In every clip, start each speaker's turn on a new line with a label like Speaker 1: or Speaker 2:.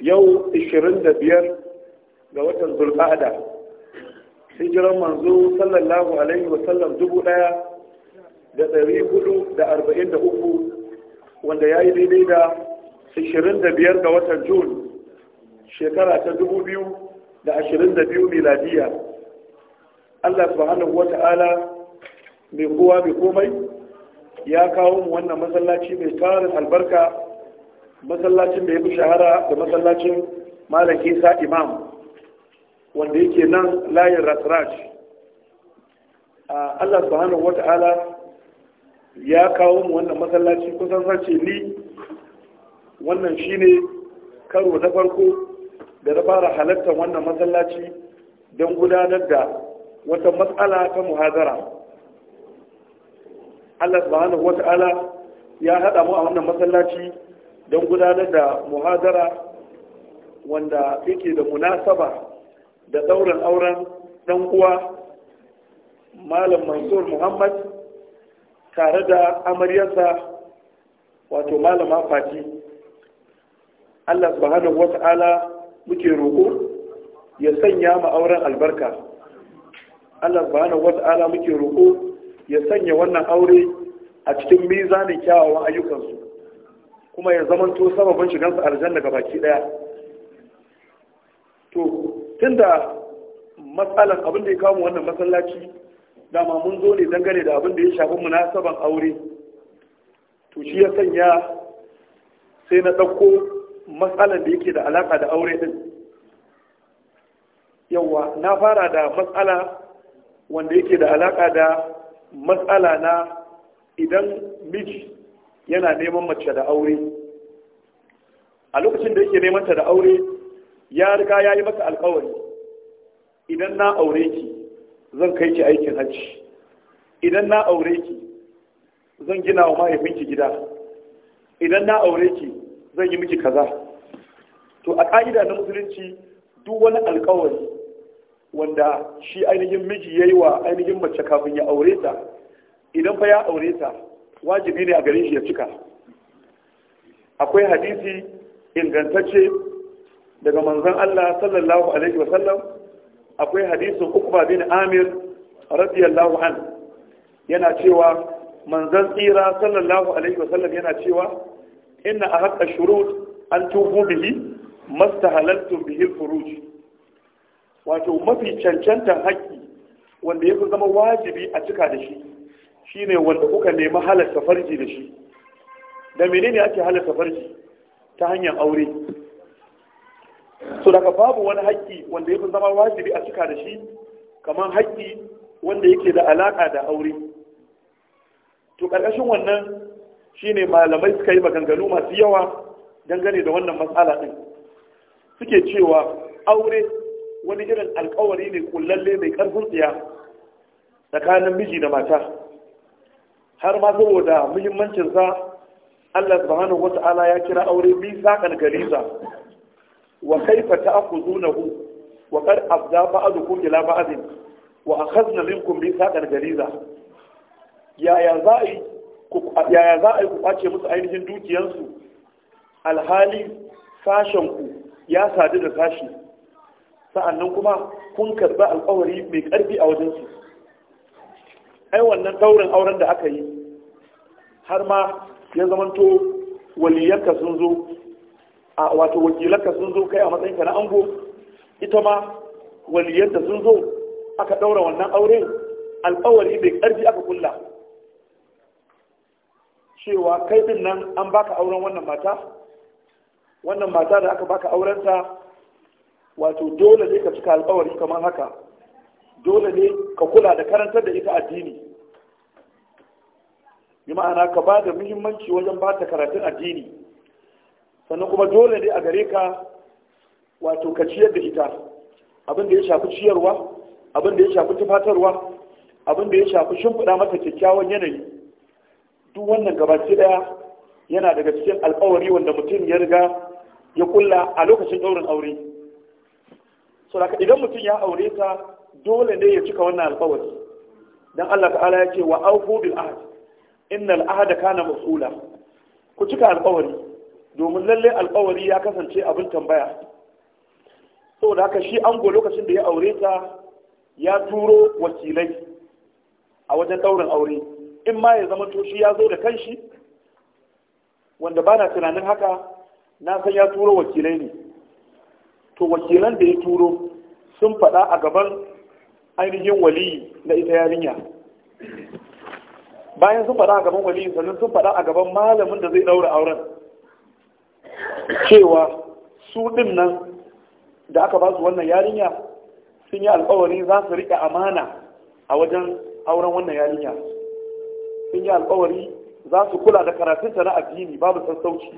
Speaker 1: yau 25 ga watan zulqa'ada hijiran manzo sallallahu alaihi wasallam dubu daya da ɗari hudu da arba'in da uku wanda ya yi daidai da 25 ga watan jun shekara ta dubu biyu da ashirin da biyu miladiya allah subhanahu wa ta'ala mai kowa mai komai ya kawo mu wannan masallaci mai tarin albarka masallacin da ya fi shahara da masallacin malam isa imam wanda yake nan layin rasraj allah subhanahu ya kawo mu wannan masallaci kusan sace ni wannan shine karo na farko da na fara halartar wannan masallaci don gudanar da wata matsala ta muhazara allah subhanahu ta'ala ya haɗa mu a wannan masallaci don gudanar da muhadara wanda yake da munasaba da ɗaurin auren ɗan uwa malam mansur muhammad tare da amaryarsa wato malama fati allah subhanahu wata'ala muke roƙo ya sanya ma auren albarka allah subhanahu wata'ala muke roƙo ya sanya wannan aure a cikin mizanin kyawawan ayyukansu kuma ya zamanto sababin shigansa aljanna ga baki daya to tunda matsalan abin da ya kawo wannan masallaci dama mun zo ne dangane da abin da ya shafi munasaban aure to shi ya sanya sai na ɗauko matsalan da yake da alaƙa da aure din yawa na fara da matsala wanda yake da alaka da matsala na idan miji yana neman mace da aure a lokacin da yake neman ta da aure ya riga ya yi mata alkawari idan na aure ki zan kai ki aikin hajji idan na aure ki zan gina wa mahaifinki gida idan na aure ki zan yi miki kaza to a ƙa'ida na musulunci duk wani alkawari wanda shi ainihin miji ya yi wa ainihin mace kafin ya aure ta idan fa ya aure ta wajibi ne a gare shi ya cika akwai hadisi ingantacce daga manzon Allah sallallahu alaihi wasallam akwai hadisin Uqba bin Amir radiyallahu an yana cewa manzon tsira sallallahu alaihi wasallam yana cewa inna ahaqqa shurut an tufu bihi mastahalaltum bihi furuj wato mafi cancantar haƙƙi wanda ya zama wajibi a cika da shi shine wanda kuka nemi halatta farji da shi da menene ake halatta farji ta hanyar aure so daga babu wani haƙƙi wanda ya fi zama wajibi a cika da shi kamar haƙƙi wanda yake da alaƙa da aure to ƙarƙashin wannan shine malamai suka yi maganganu masu yawa dangane da wannan matsala ɗin suke cewa aure wani irin alkawari ne kullalle mai ƙarfin tsiya tsakanin miji da mata har ma saboda muhimmancinsa Allah subhanahu wata'ala ya kira aure misaqan gariza wa kaifa ta'khuzunahu wa qad afza ba'dukum ila ba'din wa akhadna minkum misaqan gariza yaya za a ku yaya za a ku kwace musu ainihin dukiyarsu? alhali sashen ku ya sadu da sashi sa'annan kuma kun karɓi alƙawari mai ƙarfi a wajensu ai wannan daurin auren da aka yi har ma ya zamanto waliyarka sun zo a wato wakilarka sun zo kai a matsayinka na ango ita ma waliyarta sun zo aka daura wannan auren? alƙawari mai ƙarfi aka kulla cewa kai din nan an baka auren wannan mata wannan mata da aka baka aurenta wato dole ne ka cika alƙawari kamar haka dole ne ka kula da karantar da ita addini bi ma'ana ka ba da muhimmanci wajen ba ta karatun addini sannan kuma dole ne a gare ka wato ka ciyar da ita abin da ya shafi ciyarwa abin da ya shafi tufatarwa abin da ya shafi shimfiɗa mata kyakkyawan yanayi duk wannan gabaci ɗaya yana daga cikin alkawari wanda mutum ya riga ya kulla a lokacin ɗaurin aure so idan mutum ya aure ta dole ne ya cika wannan alƙawari dan Allah ta'ala ya ce wa aufu bil ahd innal ahda kana mas'ula ku cika alƙawari domin lalle alƙawari ya kasance abin tambaya saboda haka shi ango lokacin da ya aure ta ya turo wakilai a wajen ɗaurin aure in ma ya zama shi ya zo da kanshi wanda bana tunanin haka na san ya turo wakilai ne to wakilan da ya turo sun faɗa a gaban ainihin waliyi na ita yarinya bayan sun faɗa a gaban wali sannan sun faɗa a gaban malamin da zai ɗaura auren cewa su ɗin nan da aka ba su wannan yarinya sun yi alkawari za su riƙe amana a wajen auren wannan yarinya sun yi alkawari za su kula da karatunta na addini babu sassauci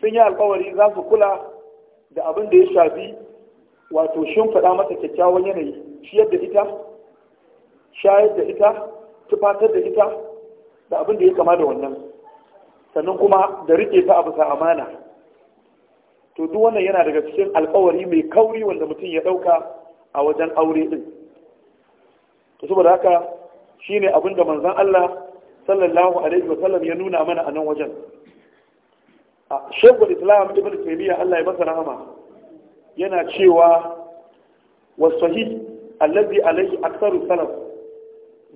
Speaker 1: sun yi alkawari za su kula da abin da ya shafi wato shimfiɗa masa kyakkyawan yanayi ciyar da ita shayar da ita tufatar da ita da abin da ya kama da wannan sannan kuma da rike ta a sa amana to duk wannan yana daga cikin alkawari mai kauri wanda mutum ya ɗauka a wajen aure ɗin to saboda haka shine abin da manzon Allah sallallahu alaihi wa sallam ya nuna mana a nan wajen A shekul islam ibn taymiya Allah ya masa rahama yana cewa wasahi alladhi alaihi aktsaru salaf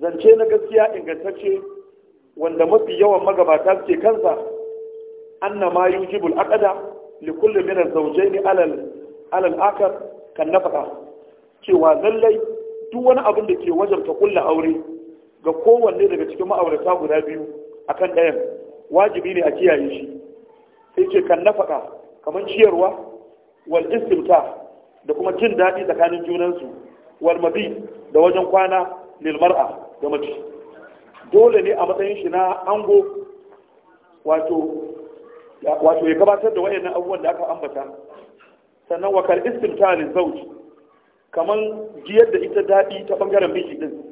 Speaker 1: zance na gaskiya ingantacce wanda mafi yawan magabata suke kansa anna ma al aqda li kulli min az-zawjayn alal al akar kan nafaka cewa lallai duk wani abin da ke wajabta kullu aure ga kowanne daga cikin ma'aurata guda biyu akan ɗayan wajibi ne a kiyaye shi sai ce kan nafaka kamar ciyarwa wal istimta da kuma jin daɗi tsakanin junansu wal mabi da wajen kwana lil mar'a ga mace dole ne a matsayin shi na ango wato wato ya gabatar da wayannan abubuwan da aka ambata sannan wa kal istimta lil zawj kaman jiyar da ita daɗi ta bangaren miji din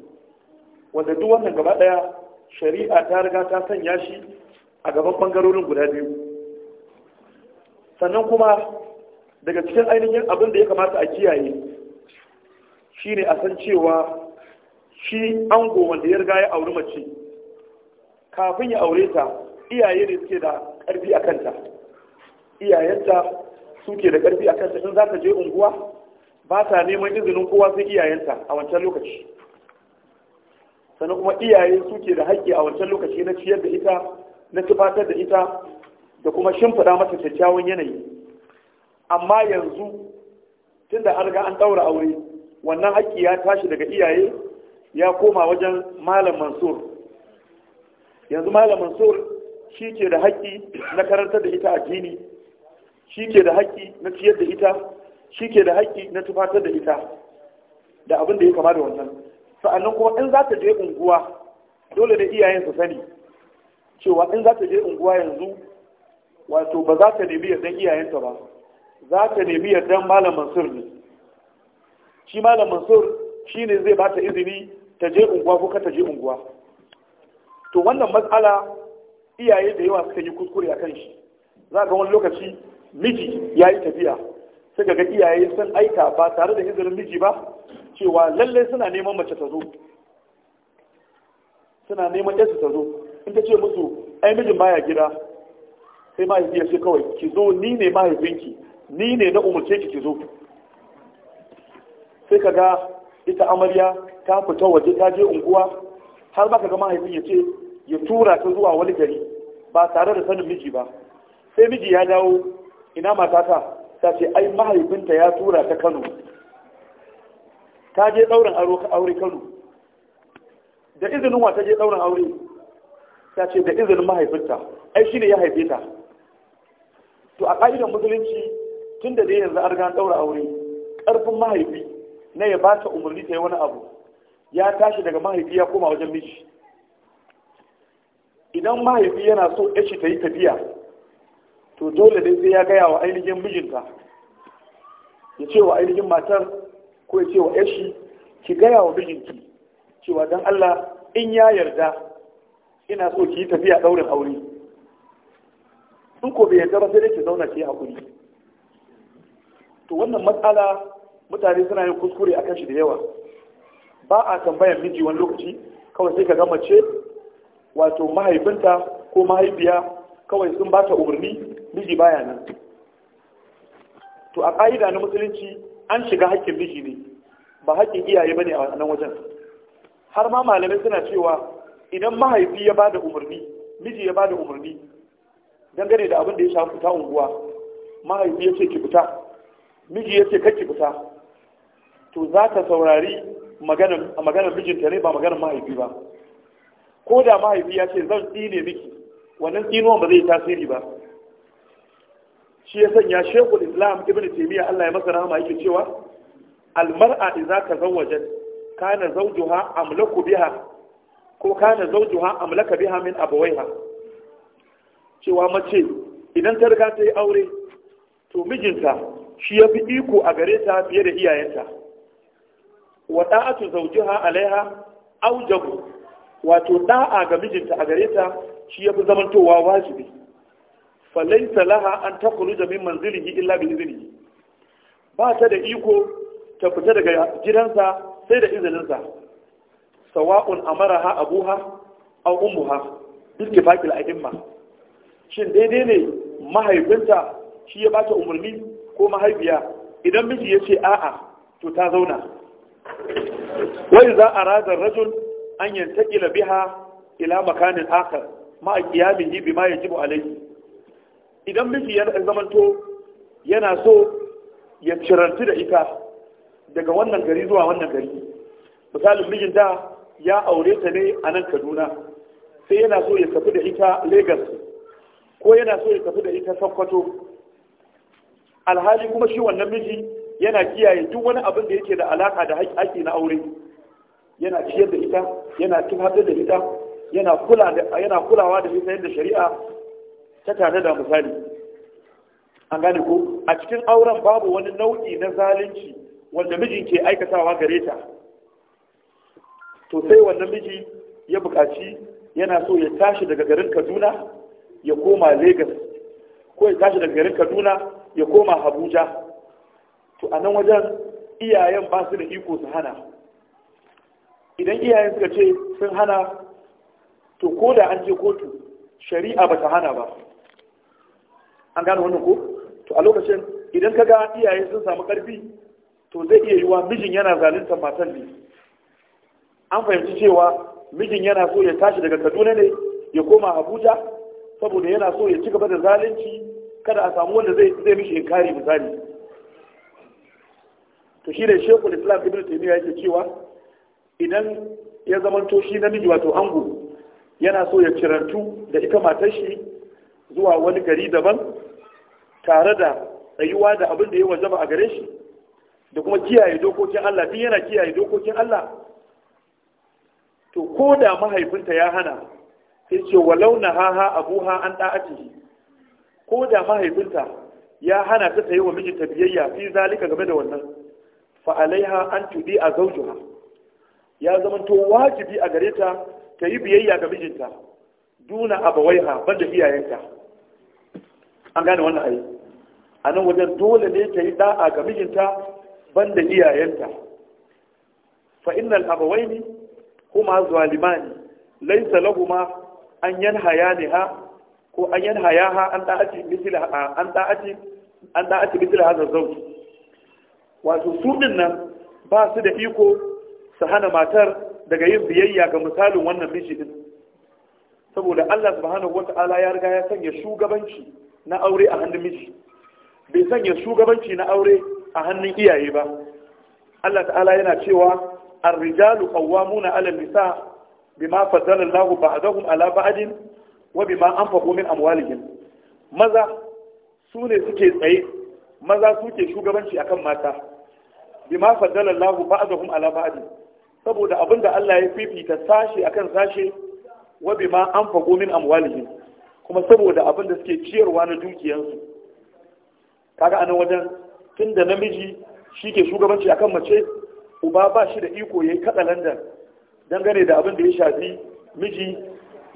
Speaker 1: wanda duk wannan gaba daya shari'a ta riga ta sanya shi a gaban bangarorin guda biyu sannan kuma daga cikin ainihin abin da ya kamata a kiyaye shi ne a san cewa shi ango wanda ya riga ya auri mace kafin ya aure ta iyaye ne suke da ƙarfi a kanta iyayenta suke da ƙarfi a kanta in za ta je unguwa ba ta neman izinin kowa sai iyayenta a wancan lokaci sannan kuma iyaye suke da haƙƙi a wancan lokaci na ciyar da ita na tufatar da ita da kuma shimfiɗa mata kyakkyawan yanayi amma yanzu tunda an ga an daura aure wannan haƙƙi ya tashi daga iyaye ya koma wajen malam mansur yanzu malam mansur shi ke da haƙƙi na karantar da ita addini shi ke da haƙƙi na ciyar da ita shi ke da haƙƙi na tufatar da ita da abin da ya kama da wannan sa'annan kuma in za ta je unguwa dole da iyayen su sani cewa in za ta je unguwa yanzu wato ba za ta nemi yardan iyayenta ba za ta nemi yardan malam mansur ne shi malam mansur shi ne zai bata izini ta je unguwa ko ka ta je unguwa to wannan matsala iyaye da yawa suka yi kuskure a kan shi za ga wani lokaci miji ya yi tafiya sai ga iyaye sun aika ba tare da izinin miji ba cewa lallai suna neman mace ta zo suna neman yarsu ta zo in ta ce musu ai mijin baya gida sai mahaifi ya ce kawai ki zo ni ne mahaifinki ni ne na umarce ki ki zo sai ka ga ita amarya ta fita waje ta je unguwa har ba ka ga mahaifin ya ce ya tura ta zuwa wani gari ba tare da sanin miji ba sai miji ya dawo ina matata ta ce ai mahaifinta ya tura ta kano ta je ɗaurin aure kano da izinin wa ta je ɗaurin aure ta ce da izinin mahaifinta ai shi ne ya haife ta to a ƙa'idar musulunci tun da dai yanzu an daura ɗaura aure karfin mahaifi na ya ba ta umarni ta yi wani abu ya tashi daga mahaifi ya koma wajen miji idan mahaifi yana so yashi ta yi tafiya to dole dai sai ya gaya wa ainihin mijinta ya ce wa ainihin matar ko ya ce wa yashi ki gaya wa mijinki cewa don Allah in ya yarda ina so ki yi tafiya ɗaurin aure in ko bai yarda ba sai dai ki zauna ki yi haƙuri to wannan matsala mutane suna yin kuskure a kan shi da yawa ba a tambayan miji wani lokaci kawai sai ka gama ce wato mahaifinta ko mahaifiya kawai sun ba ta umarni miji baya nan to a ƙa'ida na musulunci an shiga haƙƙin miji ne ba haƙƙin iyaye ba ne a nan wajen har ma malamai suna cewa idan mahaifi ya ba da umarni miji ya ba da umarni dangane da abin da ya shafi ta unguwa mahaifi ya ce ki fita miji ya ce kake fita to za ta saurari maganar mijinta ne ba maganar mahaifi ba ko da mahaifi ya ce zan tsine miki wannan tsinuwan ba zai tasiri ba shi ya sanya shekul islam ibn taimiyya allah ya masa rahama yake cewa almar'a idza kane kana zawjuha amlaku biha ko kana zawjuha amlaka biha min abawaiha cewa mace idan ta riga ta yi aure to mijinta shi ya fi iko a gare ta fiye da iyayenta wa da'atu zawjiha alaiha aujabu wato da'a ga mijinta a gare ta shi ya fi zamantowa wajibi falaita laha an takhruja min manzilihi illa bi iznihi ba ta da iko ta fita daga gidansa sai da izininsa sawa'un amaraha abuha aw ummuha bittifaqil a'imma shin daidai ne mahaifinta shi ya bata umarni ko mahaifiya idan miji ya ce a'a to ta zauna wai za a radar rajul an yantakila biha ila makanin akar ma a kiyamin yi bima ya jibu idan miji ya zamanto yana so ya ciranti da ita daga wannan gari zuwa wannan gari misalin mijin da ya aure ta ne a nan kaduna sai yana so ya tafi da ita Legas, ko yana so ya tafi da ita sokoto alhali kuma shi wannan miji yana kiyaye duk wani abin da yake da alaka da haƙƙi na aure yana ciyar da ita yana haɗe da ita yana kulawa da ita yadda shari'a ta tare da misali an gane ko a cikin auren babu wani nau'i na zalunci wanda mijin ke aikatawa gare ta to sai wannan miji ya buƙaci yana so ya tashi daga garin kaduna ya koma Legas, ko ya tashi daga garin kaduna ya koma Abuja to a nan wajen iyayen ba su da iko su hana idan iyayen suka ce sun hana to ko da an je kotu shari'a ba ta hana ba an gane wannan ko to a lokacin idan ka ga iyaye sun samu karfi to zai iya yiwa mijin yana zalunta matan ne an fahimci cewa mijin yana so ya tashi daga kaduna ne ya koma abuja saboda yana so ya ci gaba da zalunci kada a samu wanda zai zai mishi inkari misali to shi ne shekul islam ibn taymiya yake cewa idan ya zamanto shi namiji wato ango yana so ya cirantu da ita matar shi zuwa wani gari daban tare da rayuwa da abin da ya wajaba a gare shi da kuma kiyaye dokokin Allah din yana kiyaye dokokin Allah to ko da mahaifinta ya hana sai ce walau na haha abuha an da'atihi ko da mahaifinta ya hana ta sayi wa mijinta biyayya fi zalika game da wannan fa alaiha an tudi a zaujuha ya zama to wajibi a gare ta ta yi biyayya ga mijinta duna abawaiha banda iyayenta an gane wannan ayi a nan wajen dole ne ta yi da'a ga mijinta banda iyayenta fa innal abawaini kuma zalimani laysa lahumu an ha. ko an yi haya ha an da'ati misila an misila zauji. wato su din nan ba su da iko su hana matar daga yin biyayya ga misalin wannan miji din saboda Allah subhanahu wata'ala ya riga ya sanya shugabanci na aure a hannun miji bai sanya shugabanci na aure a hannun iyaye ba Allah ta'ala yana cewa ar-rijalu qawwamuna 'ala an-nisa bima fadala Allahu ba'dahum 'ala ba'din wa an anfaqu min amwalihim maza su ne suke tsaye maza suke shugabanci akan mata bima faddala Allahu ba'dahum ala ba'd saboda abinda Allah ya fifita sashe akan sashe wa an anfaqu min amwalihim kuma saboda abinda suke ciyarwa na dukiyansu kaga anan wajen tunda namiji shi ke shugabanci akan mace uba ba shi da iko yayi kada landan dangane da abin da ya shafi miji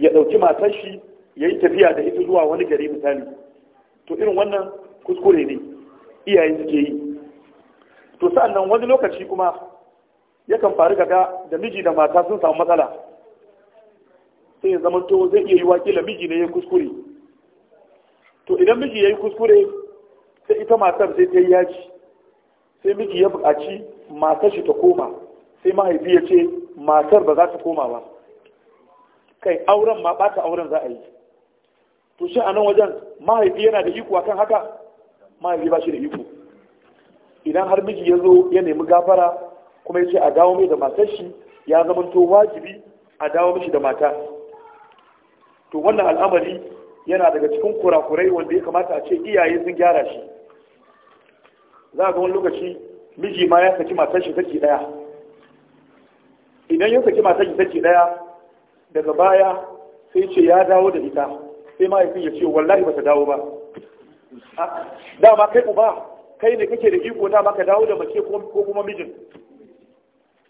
Speaker 1: ya dauki matar shi ya yi tafiya da ita zuwa wani gari misali to irin wannan kuskure ne iyaye suke yi to sa'annan wani lokaci kuma yakan faru ga da miji da mata sun samu matsala sai ya zama to zai iya yi wakila miji ne ya kuskure to idan miji ya yi kuskure sai ita matar sai ta yi yaji sai miji ya buƙaci matar shi ta koma sai mahaifi ya ce matar ba za ta koma ba kai auren ma ɓata auren za a yi to shi a nan wajen mahaifi yana da iko akan haka mahaifi ba shi da iko idan har miji ya zo ya nemi gafara kuma ya ce a dawo mai da matar shi ya zama to wajibi a dawo mishi da mata to wannan al'amari yana daga cikin kurakurai wanda ya kamata a ce iyaye sun gyara shi za ga wani lokaci miji ma ya saki matar shi saki daya idan ya saki matar shi saki daya daga baya sai ce ya dawo da ita sai mahaifin ya ce wallahi ba ta dawo ba ah, dama kai uba kai ne kake da iko dama ka dawo da mace ko kuma mijin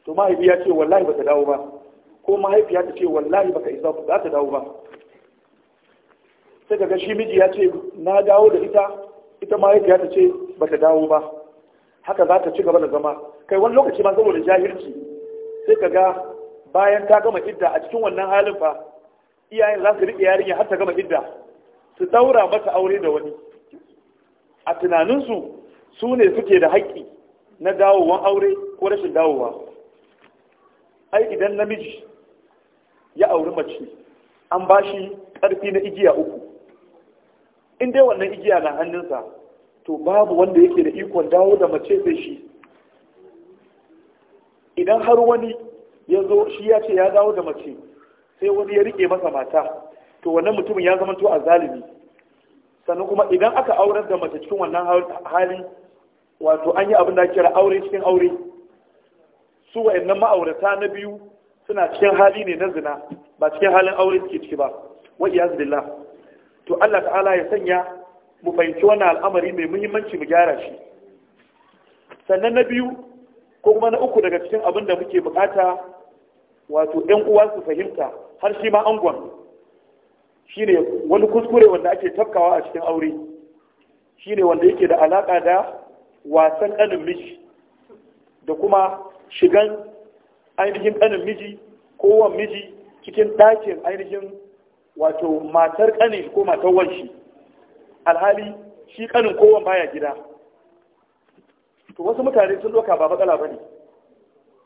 Speaker 1: to mahaifi ya ce wallahi ba ta dawo ba ko mahaifiya ya ce wallahi ba ka isa ba ta dawo ba sai daga shi miji ya ce na dawo da ita ita mahaifiya ta ce ba ta dawo ba haka za ta ci gaba da zama kai wani lokaci ma saboda jahilci sai ka ga bayan ta gama idda a cikin wannan halin fa iyayen za su riƙe yarinya har ta gama idda su daura mata aure da wani a tunaninsu su ne suke da haƙƙi na dawowan aure ko rashin dawowa ai idan namiji ya auri mace an ba shi ƙarfi na igiya uku in dai wannan igiya na hannunsa to babu wanda yake da ikon dawo da mace sai shi idan har wani ya zo shi ya ce ya dawo da mace sai wani ya rike masa mata to wannan mutumin ya zama to a zalimi sannan kuma idan aka aurar da mace cikin wannan hali wato an yi abin da kira aure cikin aure su wa'annan ma'aurata na biyu suna cikin hali ne na zina ba cikin halin aure suke ciki ba wa iyaz billah to Allah ta'ala ya sanya mu fahimci wannan al'amari mai muhimmanci mu gyara shi sannan na biyu ko kuma na uku daga cikin abin da muke bukata wato ɗan uwa su fahimta har shi ma angon ne wani kuskure wanda ake tafkawa a cikin aure shi ne wanda yake da alaka da wasan ɗanin miji da kuma shigan ainihin ɗanin miji ko miji cikin ɗakin ainihin wato matar ƙanin ko matar wanshi alhali shi ƙanin kowan baya gida to wasu mutane sun doka ba matsala ba ne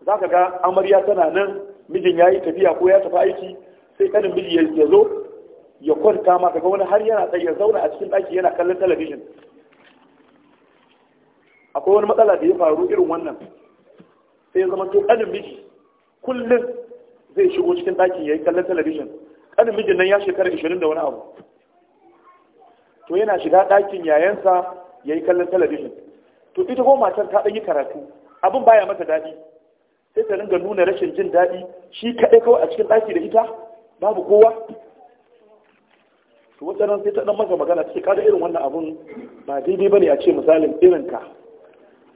Speaker 1: za ka ga amarya tana nan mijin ya yi tafiya ko ya tafi aiki sai kanin miji ya zo ya kwanta ma daga wani har yana tsaye zauna a cikin ɗaki yana kallon talabijin akwai wani matsala da ya faru irin wannan sai ya zama to kanin miji kullum zai shigo cikin ɗaki ya yi kallon talabijin kanin mijin nan ya shekara ishirin da wani abu to yana shiga ɗakin yayansa ya yi kallon talabijin to ita ko matar ta ɗan yi karatu abin baya mata daɗi sai ta ringa nuna rashin jin daɗi shi kaɗai kawai a cikin ɗaki da ita babu kowa to wata sai ta ɗan masa magana ce kaga irin wannan abun ba daidai bane a ce misalin irin ka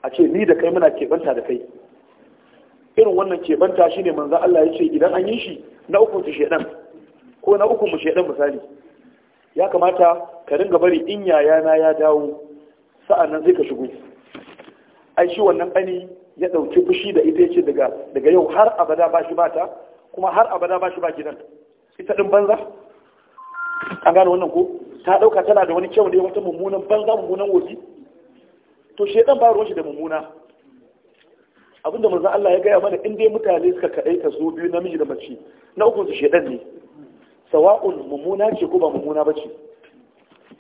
Speaker 1: a ce ni da kai muna keɓanta da kai irin wannan keɓanta shine manzo Allah ya ce idan an yi shi na uku ta shedan ko na uku mu shedan misali ya kamata ka ringa bari in yayana ya dawo sa'annan zai ka shigo ai shi wannan ani. ya ɗauki fushi da ita yace daga daga yau har abada ba shi bata kuma har abada ba shi ba gidan ita din banza an gane wannan ko ta ɗauka tana da wani kyau ne wata mummunan banza mummunan wofi to shedan ba ruwan shi da mummuna abinda manzon Allah ya gaya mana in dai mutane suka kaɗai ta zo biyu namiji da mace na uku su shaɗan ne sawa'un mummuna ce ko ba mummuna ba ce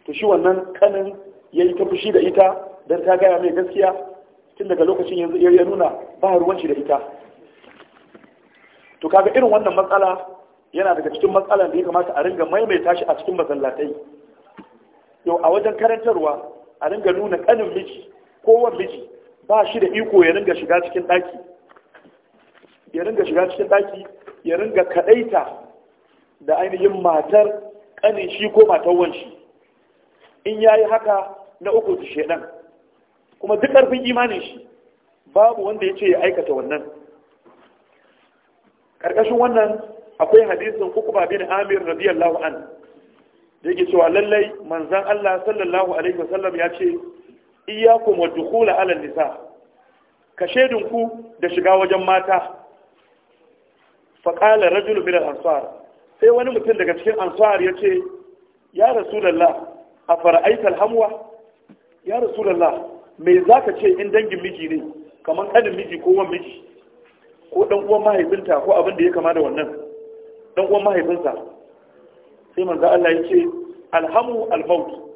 Speaker 1: to shi wannan kanin ya yi ta fushi da ita don ta gaya mai gaskiya tun daga lokacin yanzu ya nuna ba ruwan da ita to kaga irin wannan matsala yana daga cikin matsalan da ya kamata a ringa maimaita shi a cikin masallatai yau a wajen karantarwa a ringa nuna kanin miji kowan miji ba shi da iko ya ringa shiga cikin ɗaki ya ringa shiga cikin ɗaki ya ringa kaɗaita da ainihin matar kanin shi ko matar wanshi in ya yi haka na uku shedan kuma duk ƙarfin imanin shi babu wanda ya ce ya aikata wannan ƙarƙashin wannan akwai hadisin ba bin amir radiyallahu an da yake cewa lallai manzan Allah sallallahu alaihi wasallam ya ce iya kuma dukula alal nisa ka shedinku da shiga wajen mata faƙala qala rajul min al-ansar sai wani mutum daga cikin ansar ya ce ya rasulullah afara'aita al-hamwa ya rasulullah me za ka ce in dangin miji ne kamar kanin miji ko wan miji ko dan uwan mahaifinta ko abin da ya kama da wannan dan uwan mahaifinsa sai manzo Allah ya ce alhamu almaut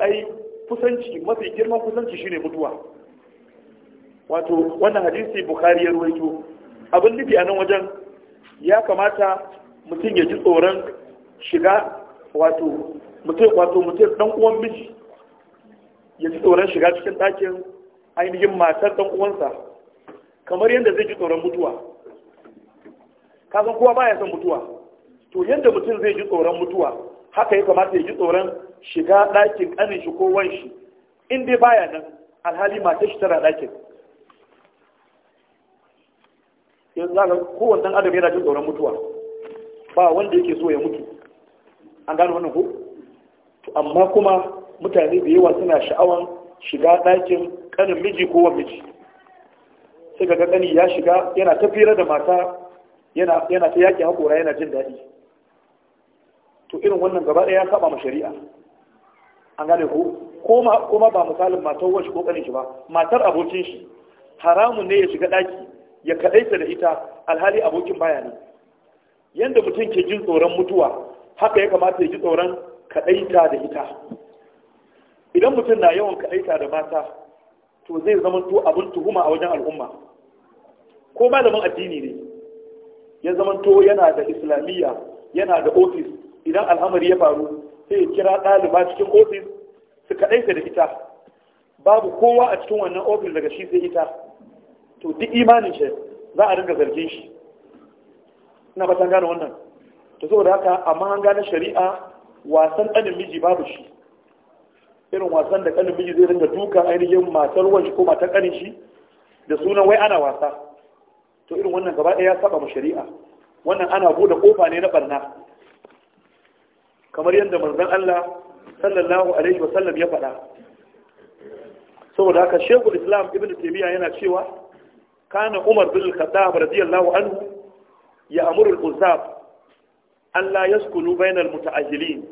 Speaker 1: ai kusanci mafi girman kusanci shine mutuwa wato wannan hadisi bukhari ya ruwaito abin nufi a nan wajen ya kamata mutum ya ji tsoron shiga wato mutum wato mutum dan uwan miji ya ji tsoron shiga cikin ɗakin ainihin matar ɗan uwansa kamar yadda zai ji tsoron mutuwa kasan kowa baya son mutuwa to yadda mutum zai ji tsoron mutuwa haka ya kamata ya ji tsoron shiga ɗakin ƙanin shi ko wanshi in dai baya nan alhali matar shi tana ɗakin yanzu ga kowane ɗan adam yana jin tsoron mutuwa ba wanda yake so ya mutu an gano wannan ko amma kuma mutane da yawa suna sha'awan shiga ɗakin ƙanin miji ko wa miji sai ga ƙani ya shiga yana fira da mata yana ta yaƙi haƙora yana jin daɗi to irin wannan gaba ɗaya ya saba ma shari'a an gane ko kuma ba misalin matar wacce ko ƙanin shi ba matar abokin shi haramun ne ya shiga ɗaki ya kaɗaita da ita alhali abokin baya ne yadda mutum ke jin tsoron mutuwa haka ya kamata ya ji tsoron kaɗaita da ita idan mutum na yawan kaɗaita da mata to zai zama to abin tuhuma a wajen al'umma ko malamin addini ne ya zama to yana da islamiyya yana da ofis idan al'amari ya faru sai ya kira ɗaliba cikin ofis su kaɗaita da ita babu kowa a cikin wannan ofis daga shi sai ita to duk imanin shi za a dinga zargin shi ina ba gane wannan to saboda haka amma an gane shari'a wasan ɗanin miji babu shi irin wasan da kanin miji zai ringa duka ainihin matar wanshi ko matar kanin shi da sunan wai ana wasa to irin wannan gaba ɗaya ya saba mu shari'a wannan ana bude kofa ne na barna kamar yadda manzon Allah sallallahu alaihi wa sallam ya faɗa saboda haka shehu islam ibn taymiya yana cewa kana umar bin al-khattab radiyallahu anhu ya amuru al-uzzab an la yaskunu bayna mutaajjilin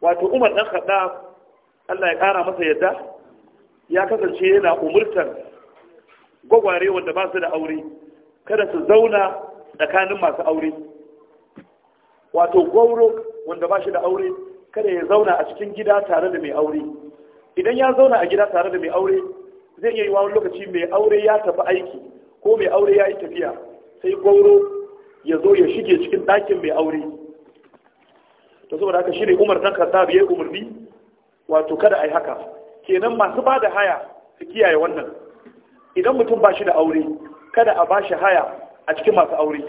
Speaker 1: wato umar dan khattab Allah ya ƙara masa yadda ya kasance yana umurtar gwagware wanda ba su da aure kada su zauna tsakanin masu aure wato gwauro wanda ba shi da aure kada ya zauna a cikin gida tare da mai aure idan ya zauna a gida tare da mai aure zai iya yi wa lokaci mai aure ya tafi aiki ko mai aure ya yi tafiya sai gwauro ya zo ya shige cikin ɗakin mai aure to saboda haka shi ne umar ɗan kasab ya yi umarni wato kada a yi haka kenan masu ba da haya su kiyaye wannan idan mutum ba shi da aure kada a ba shi haya a cikin masu aure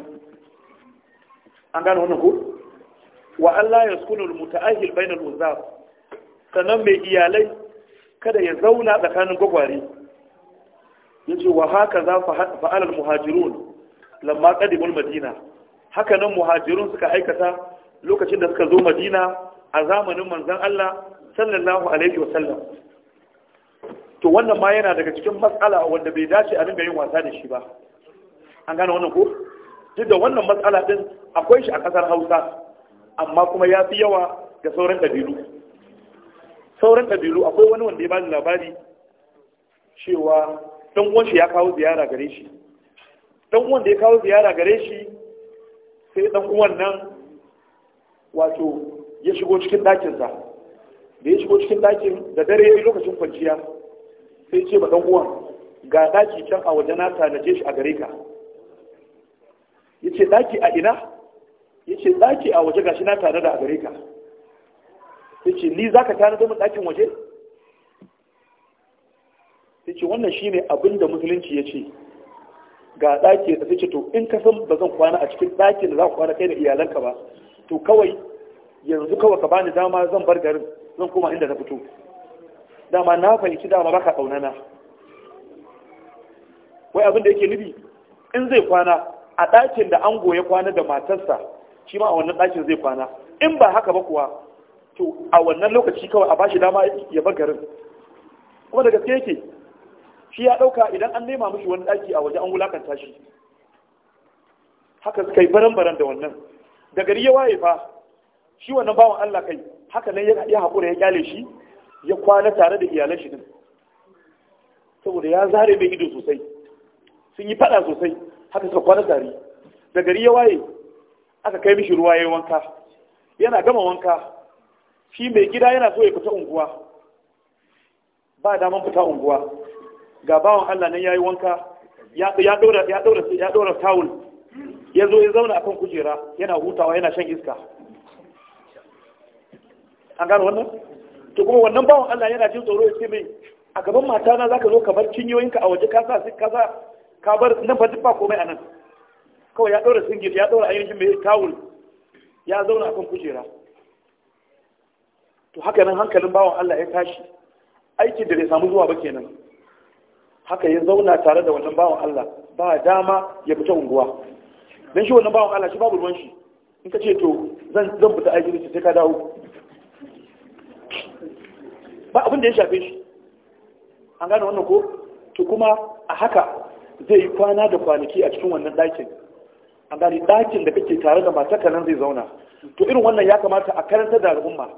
Speaker 1: an gane wannan ku wa Allah ya sukunu muta'ahil bainal uzab sannan mai iyalai kada ya zauna tsakanin gwagware yace wa haka za fa'al muhajirun lamma qadimul madina haka nan muhajirun suka aikata lokacin da suka zo madina a zamanin manzon Allah sallallahu alaihi wasallam to wannan ma yana daga cikin matsala wanda bai dace a dinga yin wasa da shi ba an gane wannan ko duk da wannan matsala din akwai shi a kasar Hausa amma kuma ya fi yawa ga sauran kabilu sauran kabilu akwai wani wanda ya bani labari cewa dan uwan shi ya kawo ziyara gare shi dan uwan da ya kawo ziyara gare shi sai dan uwan nan wato ya shigo cikin ɗakinsa da ya shigo cikin ɗakin da dare ya yi lokacin kwanciya sai ce ba uwan ga ɗaki can a waje na tanaje shi a gare ka ya ce ɗaki a ina ya ce ɗaki a waje gashi na tare da a gare ka ya ce ni zaka ta tare da ɗakin waje ya ce wannan shi ne abin da musulunci ya ce ga ɗaki da ta ce to in ka san ba zan kwana a cikin ɗakin da za ku kwana kai da iyalanka ba to kawai yanzu kawai ka bani dama zan bar garin zan koma inda na fito dama na fahimci dama baka kaunana wai abin da yake nubi in zai kwana a ɗakin da ango ya kwana da matarsa shi ma a wannan ɗakin zai kwana in ba haka ba kuwa to a wannan lokaci kawai a bashi dama ya bar garin kuma da gaske yake shi ya ɗauka idan an nema mishi wani ɗaki a waje an wulakanta shi haka suka yi baran-baran da wannan da gari ya waye fa shi wannan bawan Allah kai haka nan ya haƙura ya kyale shi ya kwana tare da iyalan shi din saboda ya zare mai ido sosai sun yi fada sosai haka suka kwana tare da gari ya waye aka kai mishi ruwa yayin wanka yana gama wanka shi mai gida yana so ya fita unguwa ba daman fita unguwa ga bawan Allah nan yayi wanka ya ya daura ya daura tawul ya zo ya zauna akan kujera yana hutawa yana shan iska an gano wannan to kuma wannan bawan Allah yana jin tsoro ya ce mai a gaban mata na zaka zo kamar bar cinyoyinka a waje ka sa ka sa ka bar nan fa ba komai anan kawai ya daura singil ya daura ainihin mai tawul ya zauna akan kujera to haka nan hankalin bawan Allah ya tashi aiki da bai samu zuwa ba kenan haka ya zauna tare da wannan bawan Allah ba dama ya fita unguwa dan shi wannan bawan Allah shi babu ruwan shi in ka ce to zan zan fita aiki ne sai ka dawo ba abin da ya shafe shi an gane wannan ko to kuma a haka zai yi kwana da kwanaki a cikin wannan ɗakin an gane ɗakin da kake tare da mata kanan zai zauna to irin wannan ya kamata a karanta da al'umma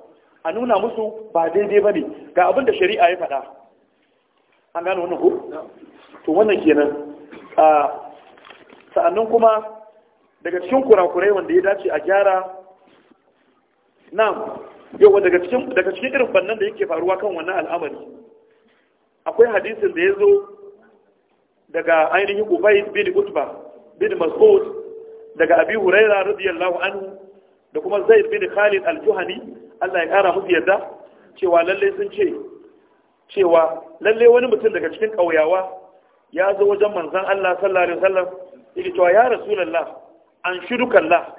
Speaker 1: a nuna musu ba daidai ba ne ga abin da shari'a ya faɗa an gane wannan ko to wannan kenan sa'annan kuma daga cikin kurakurai wanda ya dace a gyara na Yau daga cikin daga cikin irin bannan da yake faruwa kan wannan al'amari akwai hadisin da ya zo daga ainihin ubayi bin utba bin mas'ud daga abi huraira radiyallahu anhu da kuma zaid bin khalid al-juhani Allah ya kara musu yadda cewa lalle sun ce cewa lalle wani mutum daga cikin kauyawa ya zo wajen manzon Allah sallallahu alaihi wasallam yake cewa ya rasulullah an shudukallah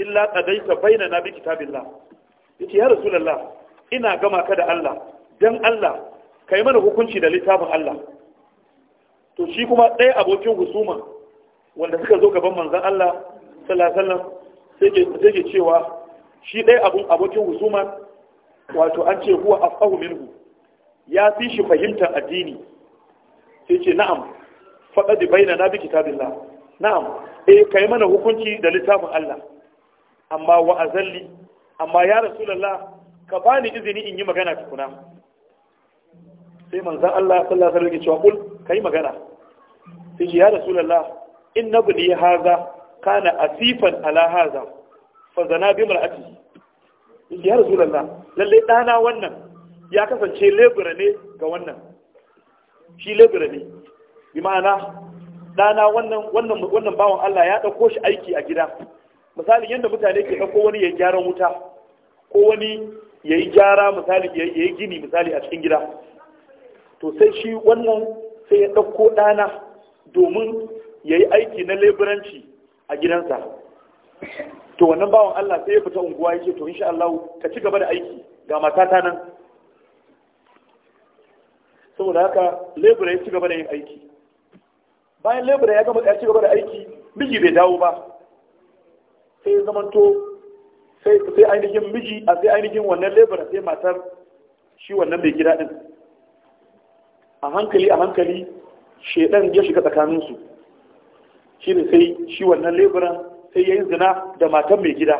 Speaker 1: illa qadaita bainana bi kitabillah yace ya rasulullah ina gama ka da Allah dan Allah kai mana hukunci da littafin Allah to shi kuma ɗaya abokin husuma wanda suka zo gaban manzon Allah sallallahu alaihi wasallam sai ke cewa shi ɗaya abun abokin husuma wato an ce huwa afahu minhu ya fi shi fahimtar addini sai ce na'am faɗaɗi baina na bi kitabillah na'am eh kai mana hukunci da littafin Allah amma wa azalli amma ya rasulullah ka bani izini in yi magana tukuna sai manzan Allah sallallahu alaihi wasallam cewa kul yi magana sai ji ya rasulullah in ya haza kana asifan ala haza fa zana bi mar'ati sai ya rasulullah lalle dana wannan ya kasance lebura ne ga wannan shi lebura ne bi ma'ana dana wannan wannan wannan bawon Allah ya dauko shi aiki a gida misali yadda mutane ke ɗauko wani ya yi gyaran wuta ko wani ya yi gyara misali ya yi gini misali a cikin gida to sai shi wannan sai ya ɗauko ɗana domin ya yi aiki na leburanci a gidansa to wannan bawan Allah sai ya fita unguwa ya ce to insha Allah ka ci gaba da aiki ga matata nan saboda haka lebura ya ci gaba da yin aiki bayan lebura ya gama ya ci gaba da aiki miji bai dawo ba sai ya zamanto sai ainihin miji a sai ainihin wannan labar sai matar shi wannan mai gida din a hankali a hankali shedan ya shiga tsakaninsu shi ne sai shi wannan leburan sai ya zina da matar mai gida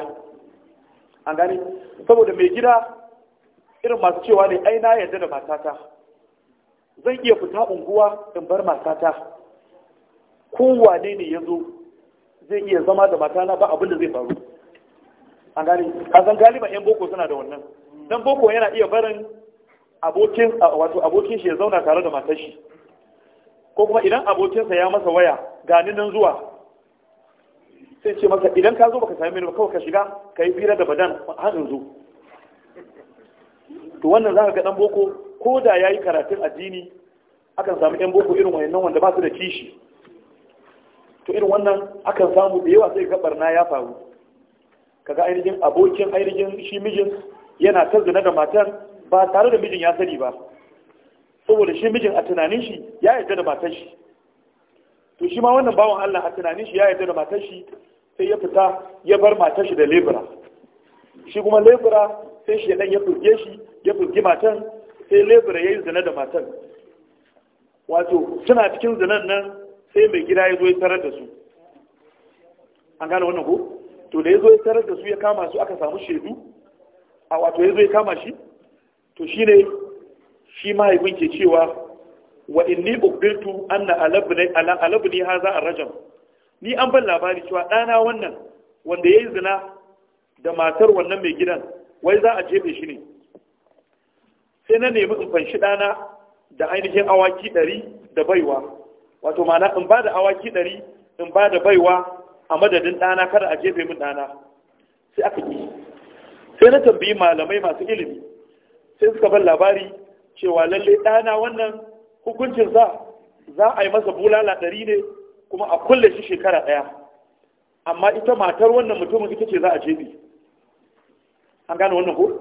Speaker 1: an gani saboda mai gida irin masu cewa ne ai na yarda da matata zan iya fita unguwa in bar matata kowane ne ya zo zai iya zama da matana ba abin da zai faru an gane kasan galiba yan boko suna da wannan dan boko yana iya barin abokin wato abokin shi ya zauna tare da matar shi ko kuma idan abokinsa ya masa waya gani nan zuwa sai ce masa idan ka zo baka sami mini ba kawai ka shiga ka yi fira da badan hannun zo to wannan za ka ga dan boko ko da ya yi karatun addini akan samu yan boko irin wayannan wanda ba su da kishi to irin wannan akan samu da yawa sai gabar na ya faru kaga ainihin abokin ainihin shi mijin yana ta zina da matan ba tare da mijin ya sani ba saboda shi mijin a tunanin shi ya yarda da matar shi to shi ma wannan bawan Allah a tunanin shi ya yarda da matar shi sai ya fita ya bar matar shi da lebura shi kuma lebura sai shi dan ya furge shi ya furge matan sai lebura yayi zina da matan wato suna cikin zinan nan sai mai gida ya zo ya tarar da su an gane wannan ko to da ya zo ya tarar da su ya kama su aka samu shaidu a wato ya zo ya kama shi to shi ne shi mahaifin ke cewa wa inni an na alabu ne ha za a rajam ni an ban labari cewa ɗana wannan wanda ya yi zina da matar wannan mai gidan wai za a jefe shi ne sai na nemi in fanshi ɗana da ainihin awaki ɗari da baiwa wato ma'ana in ba da awaki ɗari in ba da baiwa a madadin ɗana kada a jefe min ɗana sai aka ƙi sai na tambayi malamai masu ilimi sai suka bar labari cewa lalle ɗana wannan hukuncin za za a yi masa bulala ɗari ne kuma a kulle shi shekara ɗaya amma ita matar wannan mutumin ita ce za a jefe an gane wannan ko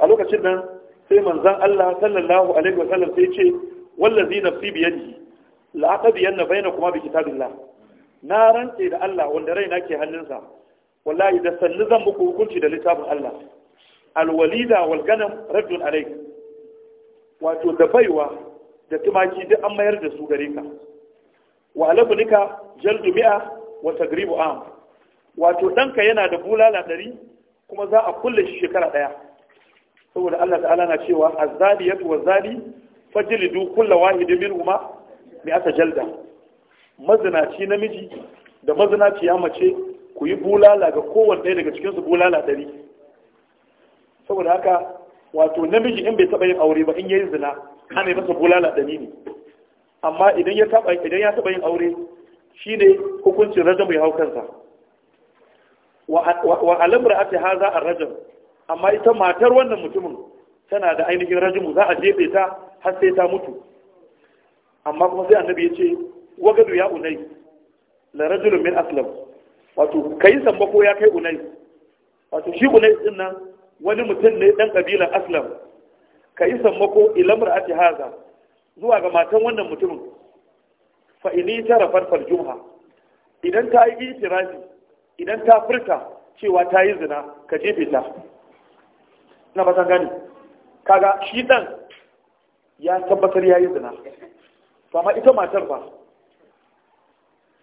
Speaker 1: a lokacin nan sai manzon Allah sallallahu alaihi wa sallam sai ce wallazi nafsi biyadihi la'aqabiyan na bayyana kuma bi kitabillah na rantse da Allah wanda raina ke hannunsa wallahi da sannu zan muku hukunci da littafin Allah alwalida wal ganam raddun alayk wato da baiwa da tumaki duk an mayar da su gare ka wa alabnika jaldu mi'a wa tagribu am wato danka yana da bulala ɗari kuma za a kulle shi shekara ɗaya saboda Allah ta'ala na cewa azzaliyatu wazzali fajlidu kulla wahidin minhuma mai aka jalda mazinaci namiji da mazinaci ya mace ku yi bulala ga kowane ɗaya daga cikinsu bulala ɗari saboda haka wato namiji in bai taɓa yin aure ba in yi zina ana yi masa bulala ɗari ne amma idan ya taɓa yin aure shi ne hukuncin raja mai hau kansa wa alamra ake haza a rajin amma ita matar wannan mutumin tana da ainihin rajimu za a jefe ta har sai ta mutu amma kuma sai annabi ya ce wagadu ya unai la rajulun min aslam wato kai samba ko ya kai unai wato shi unai din nan wani mutum ne dan kabilar aslam kai samba ko ilamar ati haza zuwa ga matan wannan mutumin fa ini tara farfar jumha idan ta yi itirafi idan ta furta cewa ta yi zina ka jefe ta na ba gani kaga shi dan ya tabbatar ya yi zina amma ita matar ba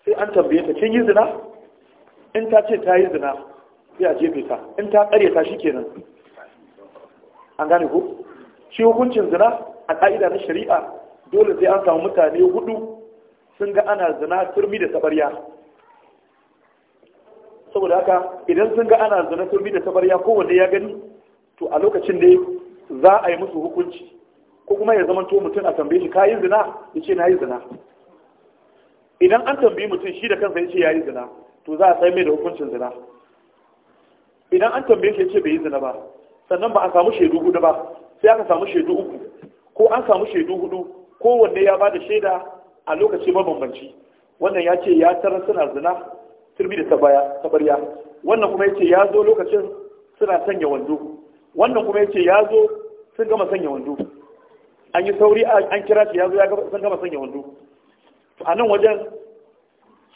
Speaker 1: sai an tambaye ta kin yi zina in ta ce ta yi zina sai a jefe ta in ta tsare ta shi kenan an gane ku? shi hukuncin zina a ka'ida na shari'a dole sai an samu mutane hudu sun ga ana zina turmi da tabarya saboda haka idan sun ga ana zina turmi da tabarya kowanne ya gani to a lokacin da za a yi musu hukunci ko kuma ya zama to mutum a tambaye shi kayi zina ya ce na yi zina idan an tambayi mutum shi da kansa ya ce ya yi zina to za a sai mai da hukuncin zina idan an tambaye shi ya ce bai yi zina ba sannan ba a samu shaidu hudu ba sai aka samu shaidu uku ko an samu shaidu hudu kowanne ya ba da shaida a lokaci mabambanci wannan ya ce ya tarar suna zina turbi da tabarya wannan kuma ya ce ya zo lokacin suna sanya wando wannan kuma ya ce ya zo sun gama sanya wando an yi sauri an kira shi ya zo ya san gama sanya wando to a nan wajen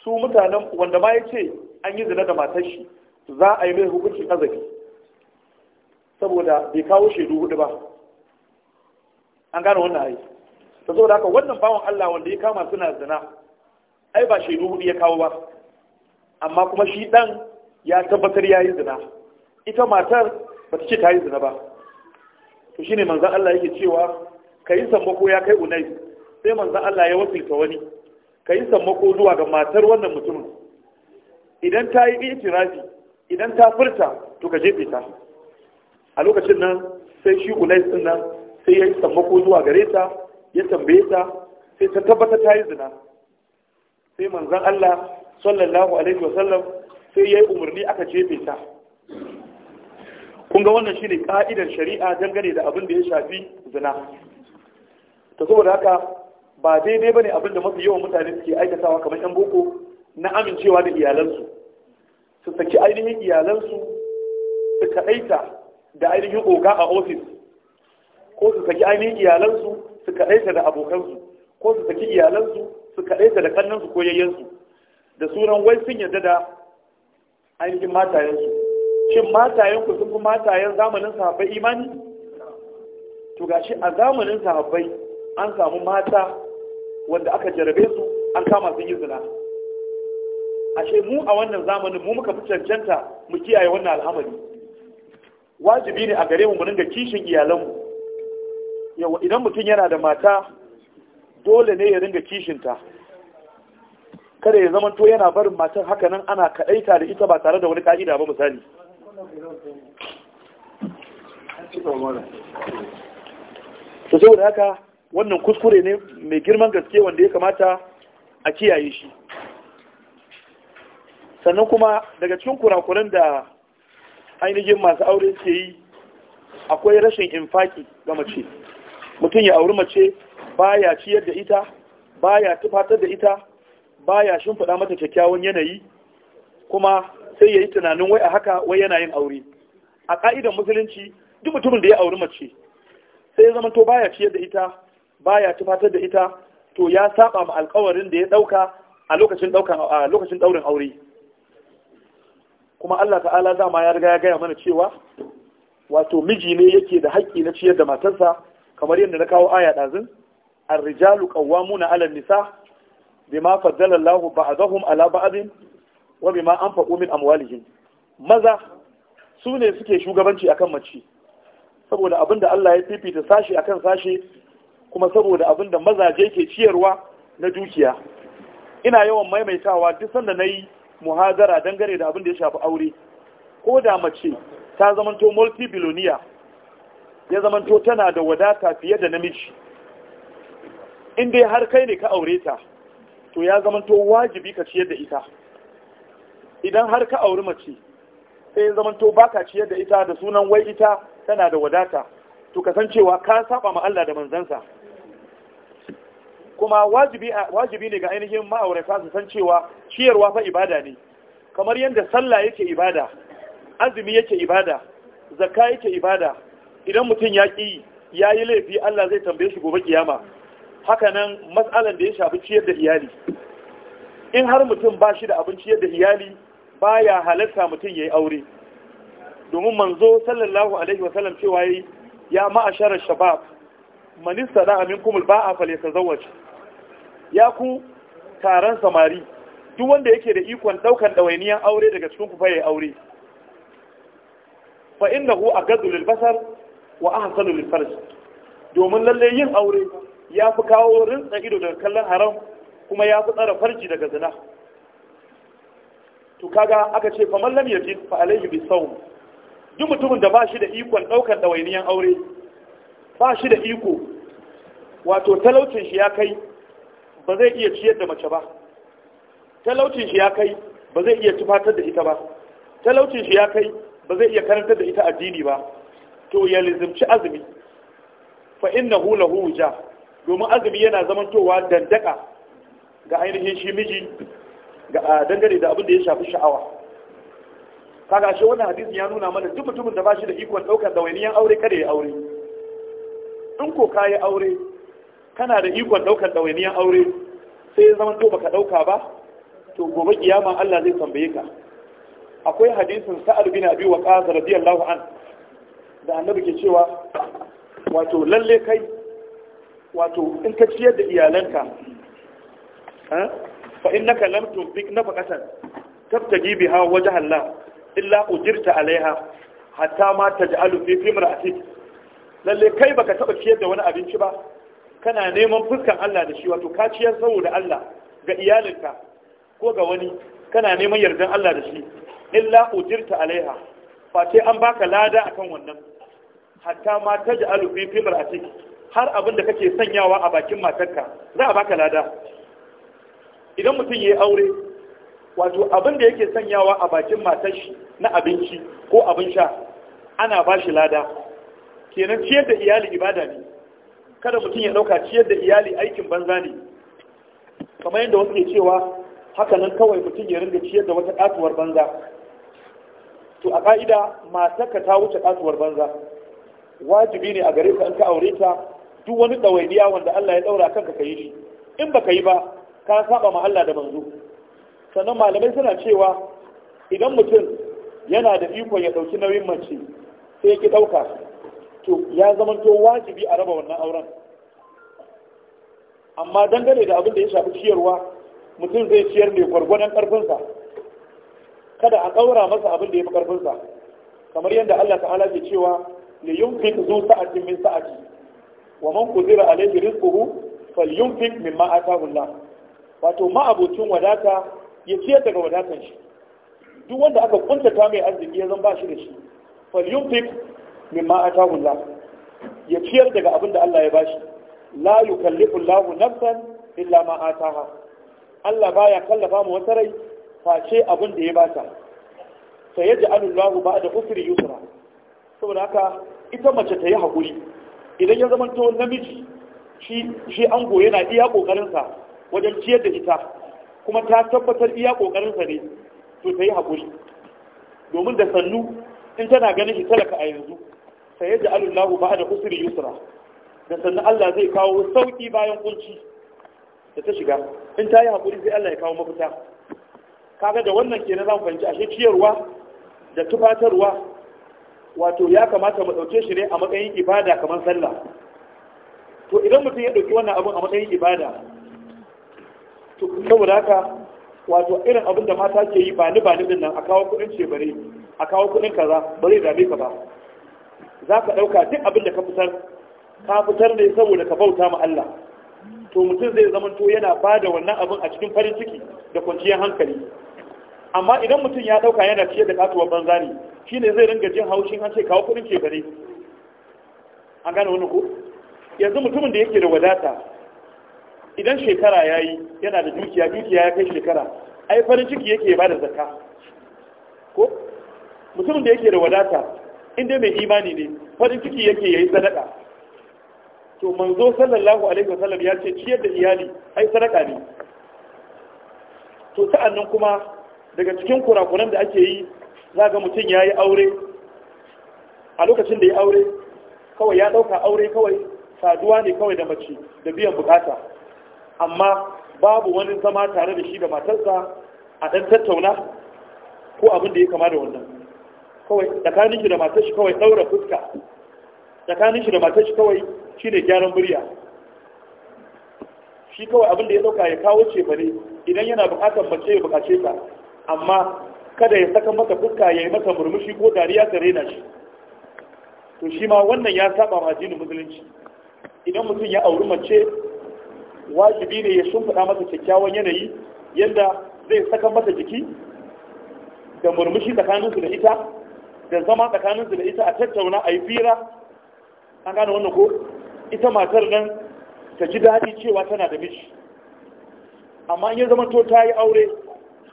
Speaker 1: su mutanen wanda ma ya ce an yi zina da matar shi za a yi mai hukunci azabi saboda bai kawo shaidu hudu ba an gane wannan ai ta saboda haka wannan bawan Allah wanda ya kama suna zina ai ba shaidu hudu ya kawo ba amma kuma shi dan ya tabbatar ya yi zina ita matar ba ta ce ta yi zina ba to shine manzon Allah yake cewa ka yi sammako ya kai unai sai manzo Allah ya wasilta wani ka yi sammako zuwa ga matar wannan mutumin idan ta yi itirafi idan ta furta to ka jefe ta a lokacin nan sai shi unai din nan sai ya yi sammako zuwa gare ta ya tambaye ta sai ta tabbata ta yi zina sai manzo Allah sallallahu alaihi wasallam sai ya yi umarni aka jefe ta kun ga wannan shine ƙa'idar shari'a dangane da abin da ya shafi zina to saboda haka ba daidai ne abin da mafi yawan mutane suke aikatawa kamar yan boko na amincewa da iyalansu su saki ainihin iyalansu su kaɗaita da ainihin oga a ofis ko su saki ainihin iyalansu su kaɗaita da abokansu ko su saki iyalansu su kaɗaita da kannansu ko yayyansu da sunan wai sun yarda da ainihin matayensu shin matayen ku sun fi matayen zamanin sahabbai imani to gashi a zamanin sahabbai an samu mata wanda aka jarabe su an kama sun yi zina ashe mu a wannan zamanin mu muka fi cancanta mu kiyaye wannan al'amari wajibi ne a gare mu mu dinga kishin iyalanmu yawa idan mutum yana da mata dole ne ya dinga kishinta kada ya zama to yana barin matar haka nan ana kaɗaita da ita ba tare da wani ka'ida ba misali sosai saboda haka wannan kuskure ne mai girman gaske wanda ya kamata a kiyaye shi sannan kuma daga cikin kurakuran da ainihin masu aure ke yi akwai rashin infaki ga mace mutum ya auri mace baya ciyar da ita baya tufatar da ita baya shimfiɗa mata kyakkyawan yanayi kuma sai ya yi tunanin wai a haka wai yana yin aure a ƙa'idan musulunci duk mutumin da ya auri mace sai ya zamanto baya ciyar da ita baya tufatar da ita to ya saba ma alkawarin da ya dauka a lokacin daukan a lokacin daurin aure kuma Allah ta'ala dama ya riga ya gaya mana cewa wato miji ne yake da haƙƙi na ciyar da matarsa kamar yadda na kawo aya rijalu qawwamuna 'ala an-nisa bima بما Allahu ba'dahum 'ala على wa bima anfaqu min amwalihim maza su ne suke shugabanci akan mace saboda abinda Allah ya fifita sashi akan sashi kuma saboda abin da mazaje ke ciyarwa na dukiya ina yawan maimaitawa duk sanda na yi muhazara dangane da abin da ya shafi aure ko da mace ta zamanto multibiloniya ya zamanto tana da wadata fiye da namiji in dai har kai ne ka aure ta to ya zamanto wajibi ka ciyar da ita idan har ka auri mace sai ya zamanto ba ka ciyar da ita da sunan wai ita tana da wadata to kasancewa ka saba ma Allah da manzansa kuma wajibi ne ga ainihin ma'aurata su san cewa ciyarwa fa ibada ne kamar yadda sallah yake ibada azumi yake ibada zakka yake ibada idan mutum ya ƙi ya yi laifi Allah zai tambaye shi gobe kiyama nan matsalan da ya shafi ciyar da iyali in har mutum ba shi da abin ciyar da iyali baya halarta mutum ya yi aure domin manzo sallallahu alaihi wasallam cewa ya ma'ashara shabab da istada'a ba'a fa laysa zawaj ya ku taron samari duk wanda yake da ikon ɗaukan ɗawainiyan aure daga cikin ku faye aure fa innahu agaddu lil basar wa ahsanu lil farj domin lalle yin aure ya fi kawo rintsa ido daga kallon haram kuma ya fi tsara farji daga zina to kaga aka ce fa mallam ya fa alayhi bi sawm duk mutumin da ba shi da ikon ɗaukan ɗawainiyan aure ba shi da iko wato talaucin shi ya kai ba zai iya ciyar da mace ba talaucin shi ya kai ba zai iya tufatar da ita ba talaucin shi ya kai ba zai iya karantar da ita addini ba to ya lizimci azumi fa hu lahu wuja domin azumi yana zamantowa dandaka ga ainihin shi miji ga dangane da abin da ya shafi sha'awa kaga shi wannan hadisi ya nuna mana duk mutumin da ba shi da ikon ɗaukar aure kada ya aure in ko ka aure kana da ikon ɗaukar ɗawainiyar aure sai ya zama to baka ɗauka ba to gobe kiyama Allah zai tambaye ka akwai hadisin sa'ad bin abi waqas radiyallahu an da annabi ke cewa wato lalle kai wato in ka ciyar da iyalanka eh, fa innaka lam tunfik nafaqatan tabtaji biha wajha Allah illa ujirta alaiha hatta ma taj'alu fi imra'atik lalle kai baka taba ciyar da wani abinci ba kana neman fuskan Allah da shi wato kaciyar saboda Allah ga iyalinka ko ga wani kana neman yardan Allah da shi illa ujirta alaiha face an baka lada akan wannan hatta ma taj'alu fi fimr har abin da kake sanyawa a bakin matarka za a baka lada idan mutum yayi aure wato abin da yake sanyawa a bakin matar shi na abinci ko abin sha ana ba shi lada kenan ciyar da iyali ibada ne kada mutum ya ɗauka ciyar da iyali aikin banza ne kamar yadda wasu ke cewa haka nan kawai mutum ya ringa ciyar da wata katuwar banza to a ka'ida matarka ta wuce katuwar banza wajibi ne a gare ka in ka aure ta duk wani ɗawainiya wanda Allah ya ɗaura kanka ka yi shi in baka yi ba ka saba ma Allah da manzo sannan malamai suna cewa idan mutum yana da ikon ya ɗauki nauyin mace sai ya ki ɗauka to ya zama to wajibi a raba wannan auren amma dangane da abin da ya shafi ciyarwa mutum zai ciyar mai gwargwadon karfinsa kada a ƙaura masa abin da ya fi karfinsa kamar yadda Allah ta'ala ke cewa li yunfiq zu sa'atin min sa'ati wa man qudira alayhi rizquhu falyunfiq mimma ataahu Allah wato ma abocin wadata ya ciyar daga wadatan shi duk wanda aka kuntata mai arziki ya zan ba shi da shi falyunfiq mimma Allah ya ciyar daga abin da Allah ya bashi la yukallifu Allah nafsan illa ma ataha Allah baya kallafa mu wata rai face abin da ya bata sai yaji Allah ba da usri yusra saboda haka ita mace ta yi hakuri idan ya zama to namiji shi shi ango yana iya kokarin sa wajen ciyar da ita kuma ta tabbatar iya kokarin sa ne to ta yi hakuri domin da sannu in tana ganin shi talaka a yanzu sai ji alullahu ba da usri yusra da sannan Allah zai kawo sauki bayan kunci da ta shiga in ta yi haƙuri sai Allah ya kawo mafita kaga da wannan kenan za mu fahimci ashe ciyarwa da tufatarwa wato ya kamata mu ɗauke shi ne a matsayin ibada kamar sallah to idan mutum ya ɗauki wannan abin a matsayin ibada to saboda haka wato irin abin da mata ke yi ba ni ba ni din nan a kawo kuɗin ce bare a kawo kuɗin kaza bare da dame ka ba za ka ɗauka duk abin da ka fitar ka fitar ne saboda ka bauta ma Allah to mutum zai zama to yana ba da wannan abin a cikin farin ciki da kwanciyar hankali amma idan mutum ya ɗauka yana ciyar da katuwar banza ne shi ne zai ringa jin haushin an ce kawo kuɗin kebare an gane wani ko yanzu mutumin da yake da wadata idan shekara ya yi yana da dukiya dukiya ya kai shekara ai farin ciki yake ba da zakka ko mutumin da yake da wadata Inda mai imani ne farin ciki yake yayi sadaka to manzo sallallahu alaihi wasallam ya ce ciyar da iyali ai sadaka ne to sa'annan kuma daga cikin kurakuran da ake yi za ga mutum ya yi aure a lokacin da ya aure kawai ya ɗauka aure kawai saduwa ne kawai da mace da biyan bukata amma babu wani zama tare da shi da matarsa a ɗan tattauna ko abin da ya kama da wannan kawai tsakanin shi da matar shi kawai daura fuska tsakanin shi da matar shi kawai shine gyaran murya shi kawai abin da ya ɗauka ya kawo ce bane idan yana bukatar mace ya bukace ta amma kada ya saka mata fuska ya yi mata murmushi ko dariya ta raina shi to shi ma wannan ya saba ma addinin musulunci idan mutum ya auri mace wajibi ne ya shimfiɗa mata kyakkyawan yanayi yadda zai saka mata jiki da murmushi tsakaninsu da ita da zama tsakanin su da ita a tattauna a yi fira an gane wannan ko ita matar nan ta ji daɗi cewa tana da miji amma in ya zama to ta yi aure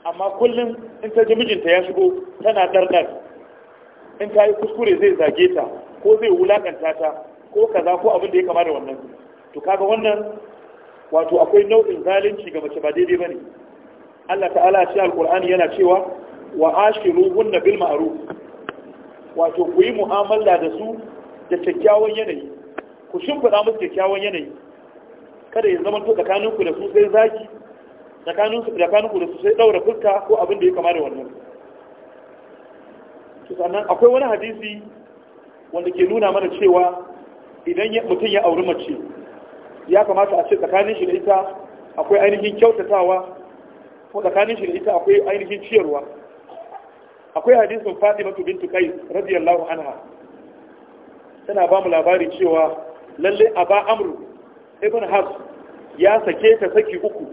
Speaker 1: amma kullum in ta ji mijinta ya shigo tana ɗarɗar in ta yi kuskure zai zage ta ko zai wulaƙanta ta ko kaza ko abin da ya kama da wannan to kaga wannan wato akwai nau'in zalunci ga mace ba daidai ba ne. Allah ta'ala a cikin Alƙur'ani yana cewa wa hunna bil ma'ruf wato ku yi mu'amala da su da kyakkyawan yanayi ku shimfiɗa musu kyakkyawan yanayi kada ya zama to tsakaninku da su sai zaki tsakaninku da su sai ɗaura fuska ko abin da ya kama da wannan sannan akwai wani hadisi wanda ke nuna mana cewa idan mutum ya auri mace ya kamata a ce tsakanin shi da ita akwai ainihin kyautatawa ko tsakanin shi da ita akwai ainihin ciyarwa akwai hadisin Fatima bintu Qais radiyallahu anha tana ba mu labari cewa lalle Aba Amru ibn Hafs ya sake ta saki uku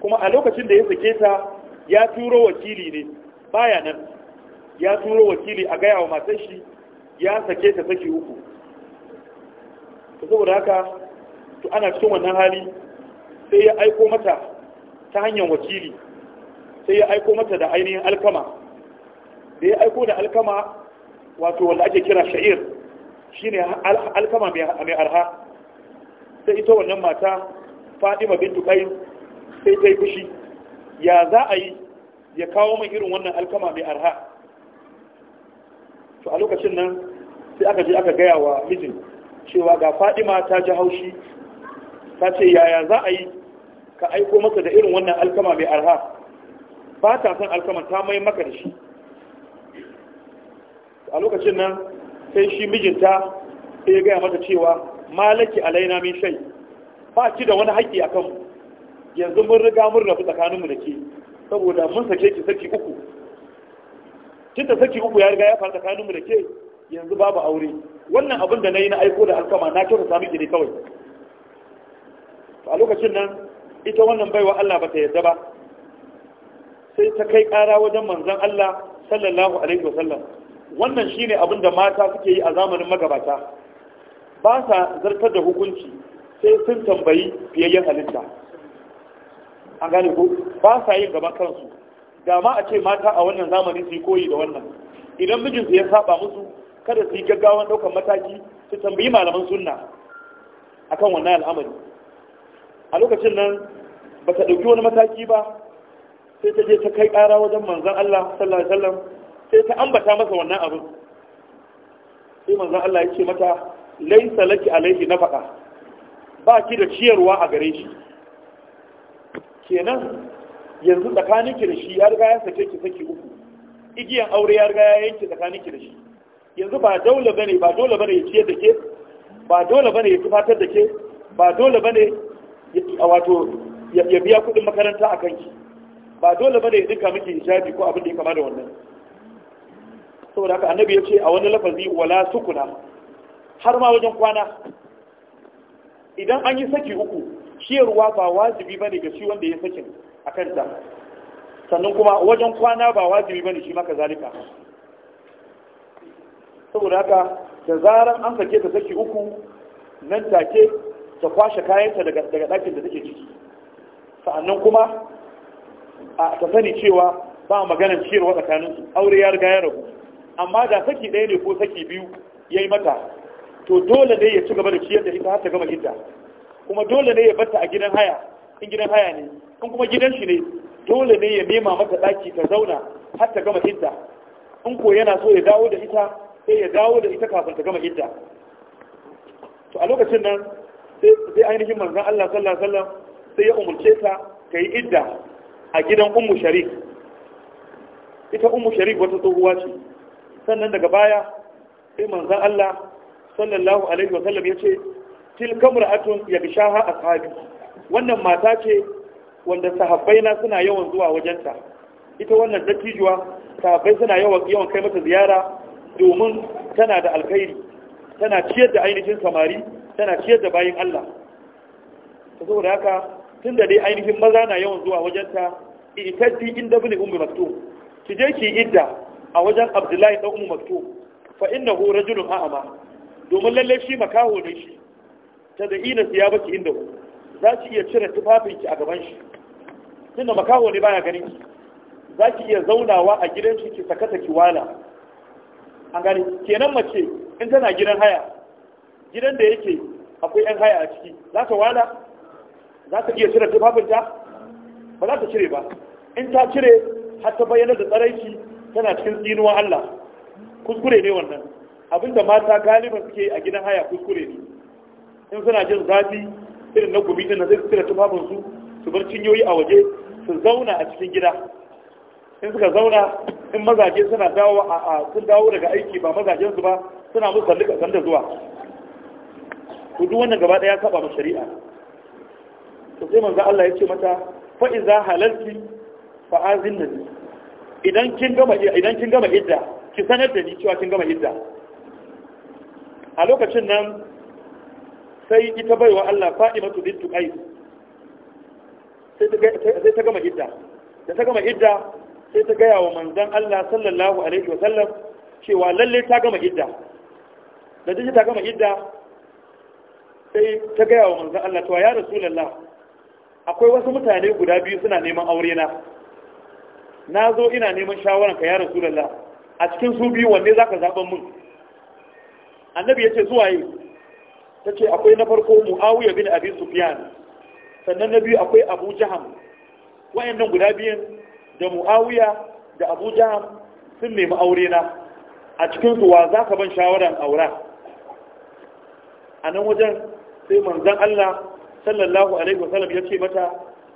Speaker 1: kuma a lokacin da ya sake ta ya turo wakili ne baya nan ya turo wakili a gaya wa matan shi ya sake ta saki uku saboda haka to ana cikin wannan hali sai ya aiko mata ta hanyar wakili sai ya aiko mata da ainihin alkama da ya aiko da alkama wato wanda ake kira sha'ir shi ne alkama mai arha sai ita wannan mata fadima bintu kai sai ta yi fushi ya za a yi ya kawo mai irin wannan alkama mai arha to a lokacin nan sai aka je aka gaya wa mijin cewa ga fadima ta ji haushi ta ce yaya za a yi ka aiko masa da irin wannan alkama mai arha ba ta son alkama ta mai maka da shi a lokacin nan sai shi mijinta ya gaya mata cewa malaki alaina min shai ba ki da wani haƙƙi a kanmu yanzu mun riga mun rabu tsakaninmu da ke saboda mun sake ki saki uku tunda saki uku ya riga ya faru tsakaninmu da ke yanzu babu aure wannan abin da na yi na aiko da alkama na kyauta sami ki ne kawai a lokacin nan ita wannan baiwa Allah ba ta yarda ba sai ta kai ƙara wajen manzon Allah sallallahu alaihi wasallam wannan shine abin da mata suke yi a zamanin magabata ba sa zartar da hukunci sai sun tambayi fiyayyen halitta an gane ko ba sa yin gaba kansu da ma a ce mata a wannan zamanin su yi koyi da wannan idan mijinsu ya saba musu kada su yi gaggawan ɗaukar mataki su tambayi malaman sunna akan wannan al'amari a lokacin nan ba ta ɗauki wani mataki ba sai ta je ta kai ƙara wajen manzan Allah sallallahu alaihi sai ta ambata masa wannan abin sai manzon Allah ya ce mata laisa laki alaihi faɗa. ba ki da ciyarwa a gare shi kenan yanzu tsakaninki ki da shi ya riga ya sake ki saki uku igiyan aure ya riga ya yanke tsakaninki ki da shi yanzu ba dole bane ba dole bane ya ciyar da ke ba dole bane ya tufatar da ke ba dole bane a wato ya biya kuɗin makaranta a kanki ba dole bane ya dinka miki hijabi ko abin da ya kama da wannan saboda haka annabi ya ce a wani lafazi wala sukuna har ma wajen kwana idan an yi saki uku ciyarwa ba wajibi ba ne ga shi wanda ya sakin a kanta sannan kuma wajen kwana ba wajibi ba ne shi maka zalika saboda haka da zaran an sake ta saki uku nan take ta kwashe kayanta daga ɗakin da take ciki sannan kuma a ta sani cewa ba maganar ciyarwa tsakaninsu aure ya riga ya rabu amma da saki ɗaya ne ko saki biyu ya yi mata to dole ne ya ci gaba da ciyar da ita har ta gama idda kuma dole ne ya batta a gidan haya in gidan haya ne in kuma gidan shi ne dole ne ya nema mata ɗaki ta zauna har ta gama idda in ko yana so ya dawo da ita sai ya dawo da ita kafin ta gama idda to a lokacin nan sai ainihin manzon Allah sallallahu alaihi wasallam sai ya umurce ta ta yi idda a gidan ummu sharif. ita ummu sharif wata tsohuwa ce sannan daga baya sai manzan Allah sallallahu alaihi wa sallam ya ce bi shaha a ashabi wannan mata ce wanda sahabbai na suna yawan zuwa wajenta ita wannan dattijuwa sahabbai suna yawan yawan kai mata ziyara domin tana da alkhairi tana ciyar da ainihin samari tana ciyar da bayin Allah saboda haka tunda dai ainihin maza na yawan zuwa wajenta ita itaddi inda bane ummi maktum ki je ki idda a wajen abdullahi ɗan umu maktum fa inna hu rajulun a'ama domin lalle shi makaho ne shi ta da ina siya baki inda hu za ki iya cire tufafinki a gaban shi tunda makaho ne baya ganin ki za ki iya zaunawa a gidan shi ki sakata ki wala an gani kenan mace in tana gidan haya gidan da yake akwai yan haya a ciki za ta wala za ta iya cire tufafinta ba za ta cire ba in ta cire har ta bayyana da tsaraici tana cikin tsinuwa Allah kuskure ne wannan abinda mata galiban suke a gidan haya kuskure ne in suna jin zafi irin na gumi din na zai tsira tufafin su su bar cinyoyi a waje su zauna a cikin gida in suka zauna in mazaje suna dawo a sun dawo daga aiki ba mazajen su ba suna musu sallika sanda zuwa to duk wannan gaba daya saba ma shari'a to sai manzo Allah ya ce mata fa iza halalti fa azinna idan kin gama idan kin gama idda ki sanar da ni cewa kin gama idda a lokacin nan sai ita baiwa Allah Fa'imatu bintu Qais sai ta gama idda da ta gama idda sai ta gaya wa manzon Allah sallallahu alaihi wa sallam cewa lalle ta gama idda da ta ta gama idda sai ta gaya wa manzon Allah cewa ya rasulullah akwai wasu mutane guda biyu suna neman aure na na zo ina neman shawaranka ya rasulallah a cikin su biyu wanne za ka zaɓen mun annabi ya ce zuwa yi ta ce akwai na farko mu'awiyar bin abin sufiyan sannan na biyu akwai abu jaham wayannan guda biyan da mu'awiya da abu jaham sun nemi aure na a cikin wa za ka ban shawaran aura a nan wajen sai manzan allah sallallahu alaihi wasallam ya ce mata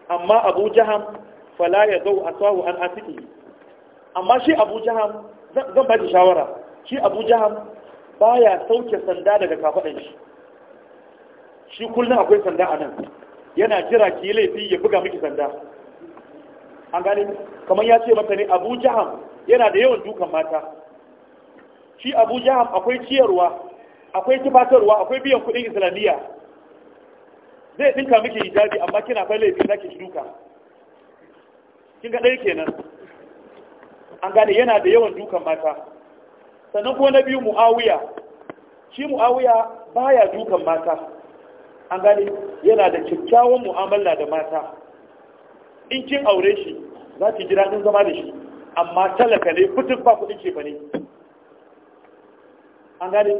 Speaker 1: amma abu jaham fala ya zau tsawo an asiki amma shi abu jaham zan ba shawara shi abu jaham baya sauke sanda daga kafaɗan shi shi kullum akwai sanda a nan yana jira ki laifi ya buga miki sanda an gane kamar ya ce mata ne abu jaham yana da yawan dukan mata shi abu jaham akwai ciyarwa akwai tufatarwa akwai biyan kuɗin islamiyya zai dinka miki hijabi amma kina fa laifi zaki ki duka kin ga ɗaya kenan an gane yana da yawan dukan mata sannan kuma na biyu mu'awiya shi mu'awiya baya dukan mata an gane yana da kyakkyawan mu'amala da mata in kin aure shi za ki ji daɗin zama da shi amma talaka ne fitin ba kuɗin ce ba ne an gane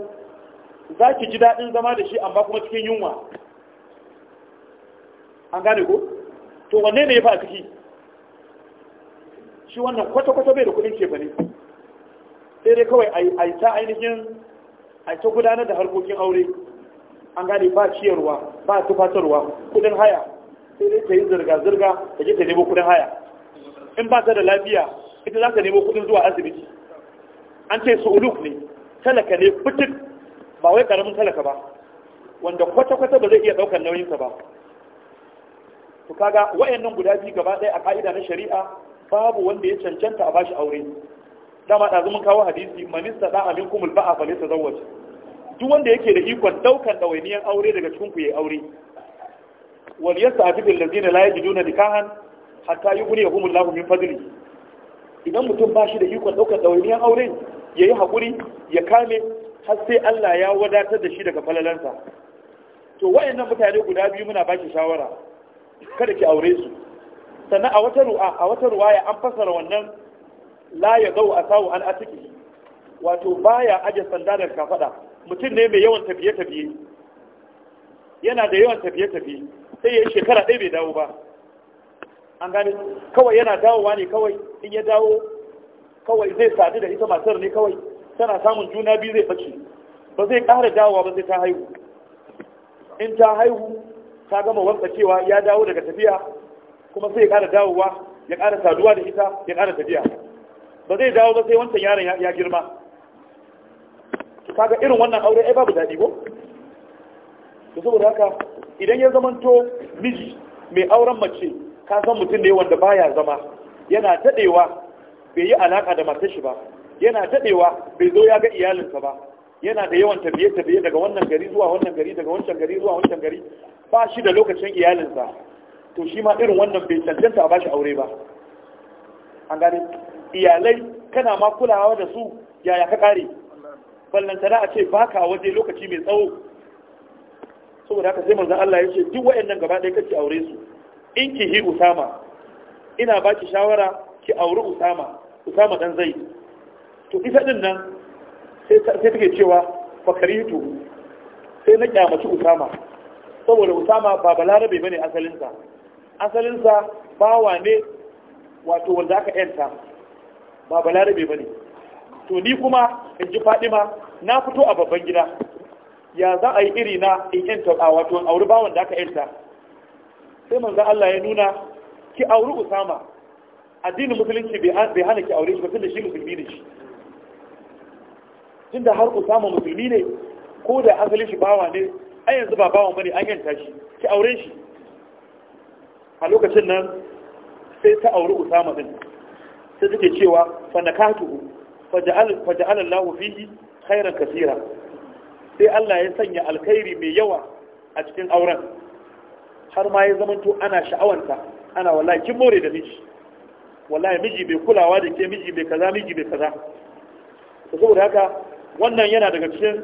Speaker 1: za ki ji daɗin zama da shi amma kuma cikin yunwa an gane ko to wanne ne ya fa a ciki shi wannan kwata-kwata bai da kudin ke bane sai dai kawai a yi ta ainihin a ta gudanar da harkokin aure an gane ba ciyarwa ba tufatarwa kudin haya sai dai ta yi zirga-zirga da ke ta nemo kudin haya in ba ta da lafiya ita za ta nemo kudin zuwa asibiti an ce su'uluk ne talaka ne fitik ba wai karamin talaka ba wanda kwata-kwata ba zai iya daukar nauyinsa ba Ku kaga wayannan guda biyu gaba ɗaya a ka'ida na shari'a babu wanda ya cancanta a bashi aure dama ɗazu mun kawo hadisi manista da amin kumul ba'a fa laysa zawar. duk wanda yake da ikon daukan ɗawainiyar aure daga cikin ku yayi aure wal yasta'fi bil ladina la yajiduna nikahan hatta yughniyahum Allahu min fadli idan mutum bashi da ikon daukan ɗawainiyar aure ya yi hakuri ya kame har sai Allah ya wadatar da shi daga falalansa to wayannan mutane guda biyu muna shi shawara kada ki aure su sannan a wata ru'a a wata ruwaya an fasara wannan la ya zau a sawu an atiki wato baya aje sanda da kafada mutum ne mai yawan tafiye tafiye yana da yawan tafiye tafiye sai ya shekara ɗaya bai dawo ba an gane kawai yana dawowa ne kawai in ya dawo kawai zai sadu da ita matar ne kawai tana samun juna biyu zai bace ba zai ƙara dawowa ba sai ta haihu in ta haihu ta gama wanka cewa ya dawo daga tafiya kuma sai ya ƙara dawowa ya kara saduwa da ita ya kara tafiya ba zai dawo ba sai wancan yaron ya girma kaga irin wannan aure ai babu daɗi ko to saboda haka idan ya zamanto miji mai auren mace ka san mutum ne wanda baya zama yana tadewa bai yi alaka da matar shi ba yana taɗewa bai zo ya ga iyalinsa ba yana da yawan tafiye-tafiye daga wannan gari zuwa wannan gari daga wancan gari zuwa wancan gari ba shi da lokacin iyalinsa to shi ma irin wannan bai cancanta a bashi aure ba an gane iyalai kana ma kulawa da su yaya ka kare ballantana a ce ba ka waje lokaci mai tsawo saboda haka sai manzan Allah ya ce duk wayannan gaba ɗaya kace aure su in ki hi usama ina ba ki shawara ki auri usama usama dan zai to ita din nan sai sai take cewa fakaritu sai na kyamaci usama saboda usama ba balarabe bane asalinsa asalinsa bawa ne wato wanda aka yanta ba balarabe ba ne to ni kuma in ji fadima na fito a babban gida ya za a yi iri na in yanta a wato auri ba wanda aka yanta sai manzan Allah ya nuna ki auri usama addinin musulunci bai hana ki aure shi ba tun da shi musulmi ne shi tun da har usama musulmi ne ko da asalin shi bawa ne a yanzu ba bawa bane an yanta shi ki aure shi a lokacin nan sai ta auri usama din sai take cewa fa nakatuhu fa ja'ala Allah fihi khairan kaseera sai Allah ya sanya alkhairi mai yawa a cikin auren har ma ya zamanto ana sha'awanta ana wallahi kin more da miji wallahi miji bai kulawa da ke miji bai kaza miji bai kaza saboda haka wannan yana daga cikin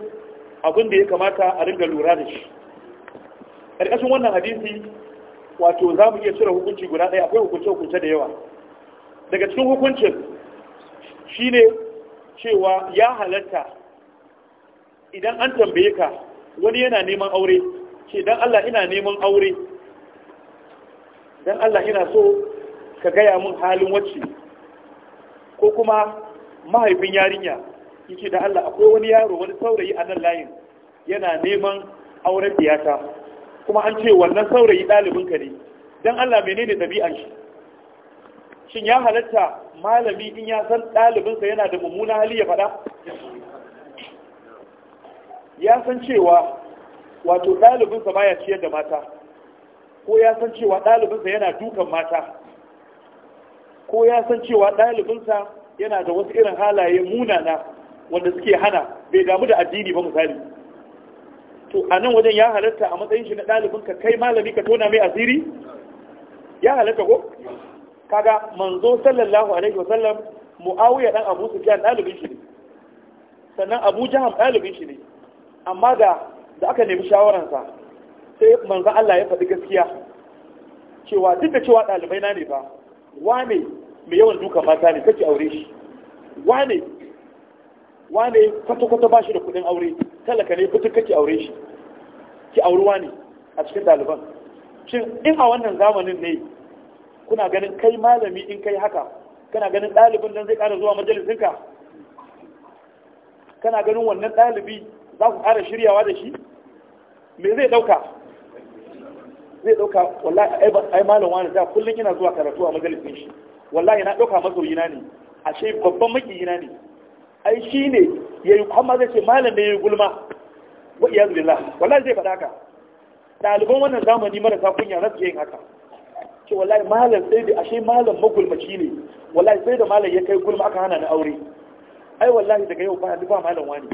Speaker 1: abin da ya kamata a ringa lura da shi ƙarƙashin wannan hadisi wato za mu iya cire hukunci guda ɗaya akwai hukunce-hukunce da yawa daga cikin hukuncin shi ne cewa ya halatta idan an tambaye ka wani yana neman aure ce don Allah ina neman aure don Allah ina so ka gaya mun halin wacce ko kuma mahaifin yarinya yake da Allah akwai wani yaro wani saurayi a nan layin yana neman auren tiyata kuma an ce wannan saurayi ɗalibinka ne don Allah menene ɗabi'an shi shin ya halatta malami in ya san ɗalibinsa yana da mummuna hali ya faɗa ya san cewa wato ɗalibinsa baya ciyar da mata ko ya san cewa ɗalibinsa yana dukan mata ko ya san cewa ɗalibinsa yana da wasu irin halaye munana wanda suke hana bai damu da addini ba misali to a nan wajen ya halatta a matsayin shi na ɗalibin ka kai malami ka tona mai asiri ya halatta ko kaga manzo sallallahu alaihi wasallam muawiya dan abu sufyan ɗalibin shi ne sannan abu jaham ɗalibin shi ne amma da da aka nemi shawaransa sai manzo Allah ya faɗi gaskiya cewa duk da cewa ɗalibai na ne ba wane mai yawan duka mata ne kake aure shi wane wane kwata-kwata ba shi da kudin aure talaka ne fitin kake aure shi ki aurewa ne a cikin ɗaliban shin in a wannan zamanin ne kuna ganin kai malami in kai haka kana ganin ɗalibin nan zai ƙara zuwa majalisinka kana ganin wannan ɗalibi za ku ƙara shiryawa da shi me zai ɗauka zai ɗauka wallahi ai malam wani da kullum ina zuwa karatu a majalisin shi wallahi na ɗauka masoyina ne ashe babban makiyina ne ai shi ne ya yi kwamma zai ce malam ne ya yi gulma wa iya billah wallahi zai faɗa ka ɗaliban wannan zamani marasa kunya na su yin haka ce wallahi malam sai da ashe malam magulmaci ne wallahi sai da malam ya kai gulma aka hana na aure ai wallahi daga yau ba ba malam wani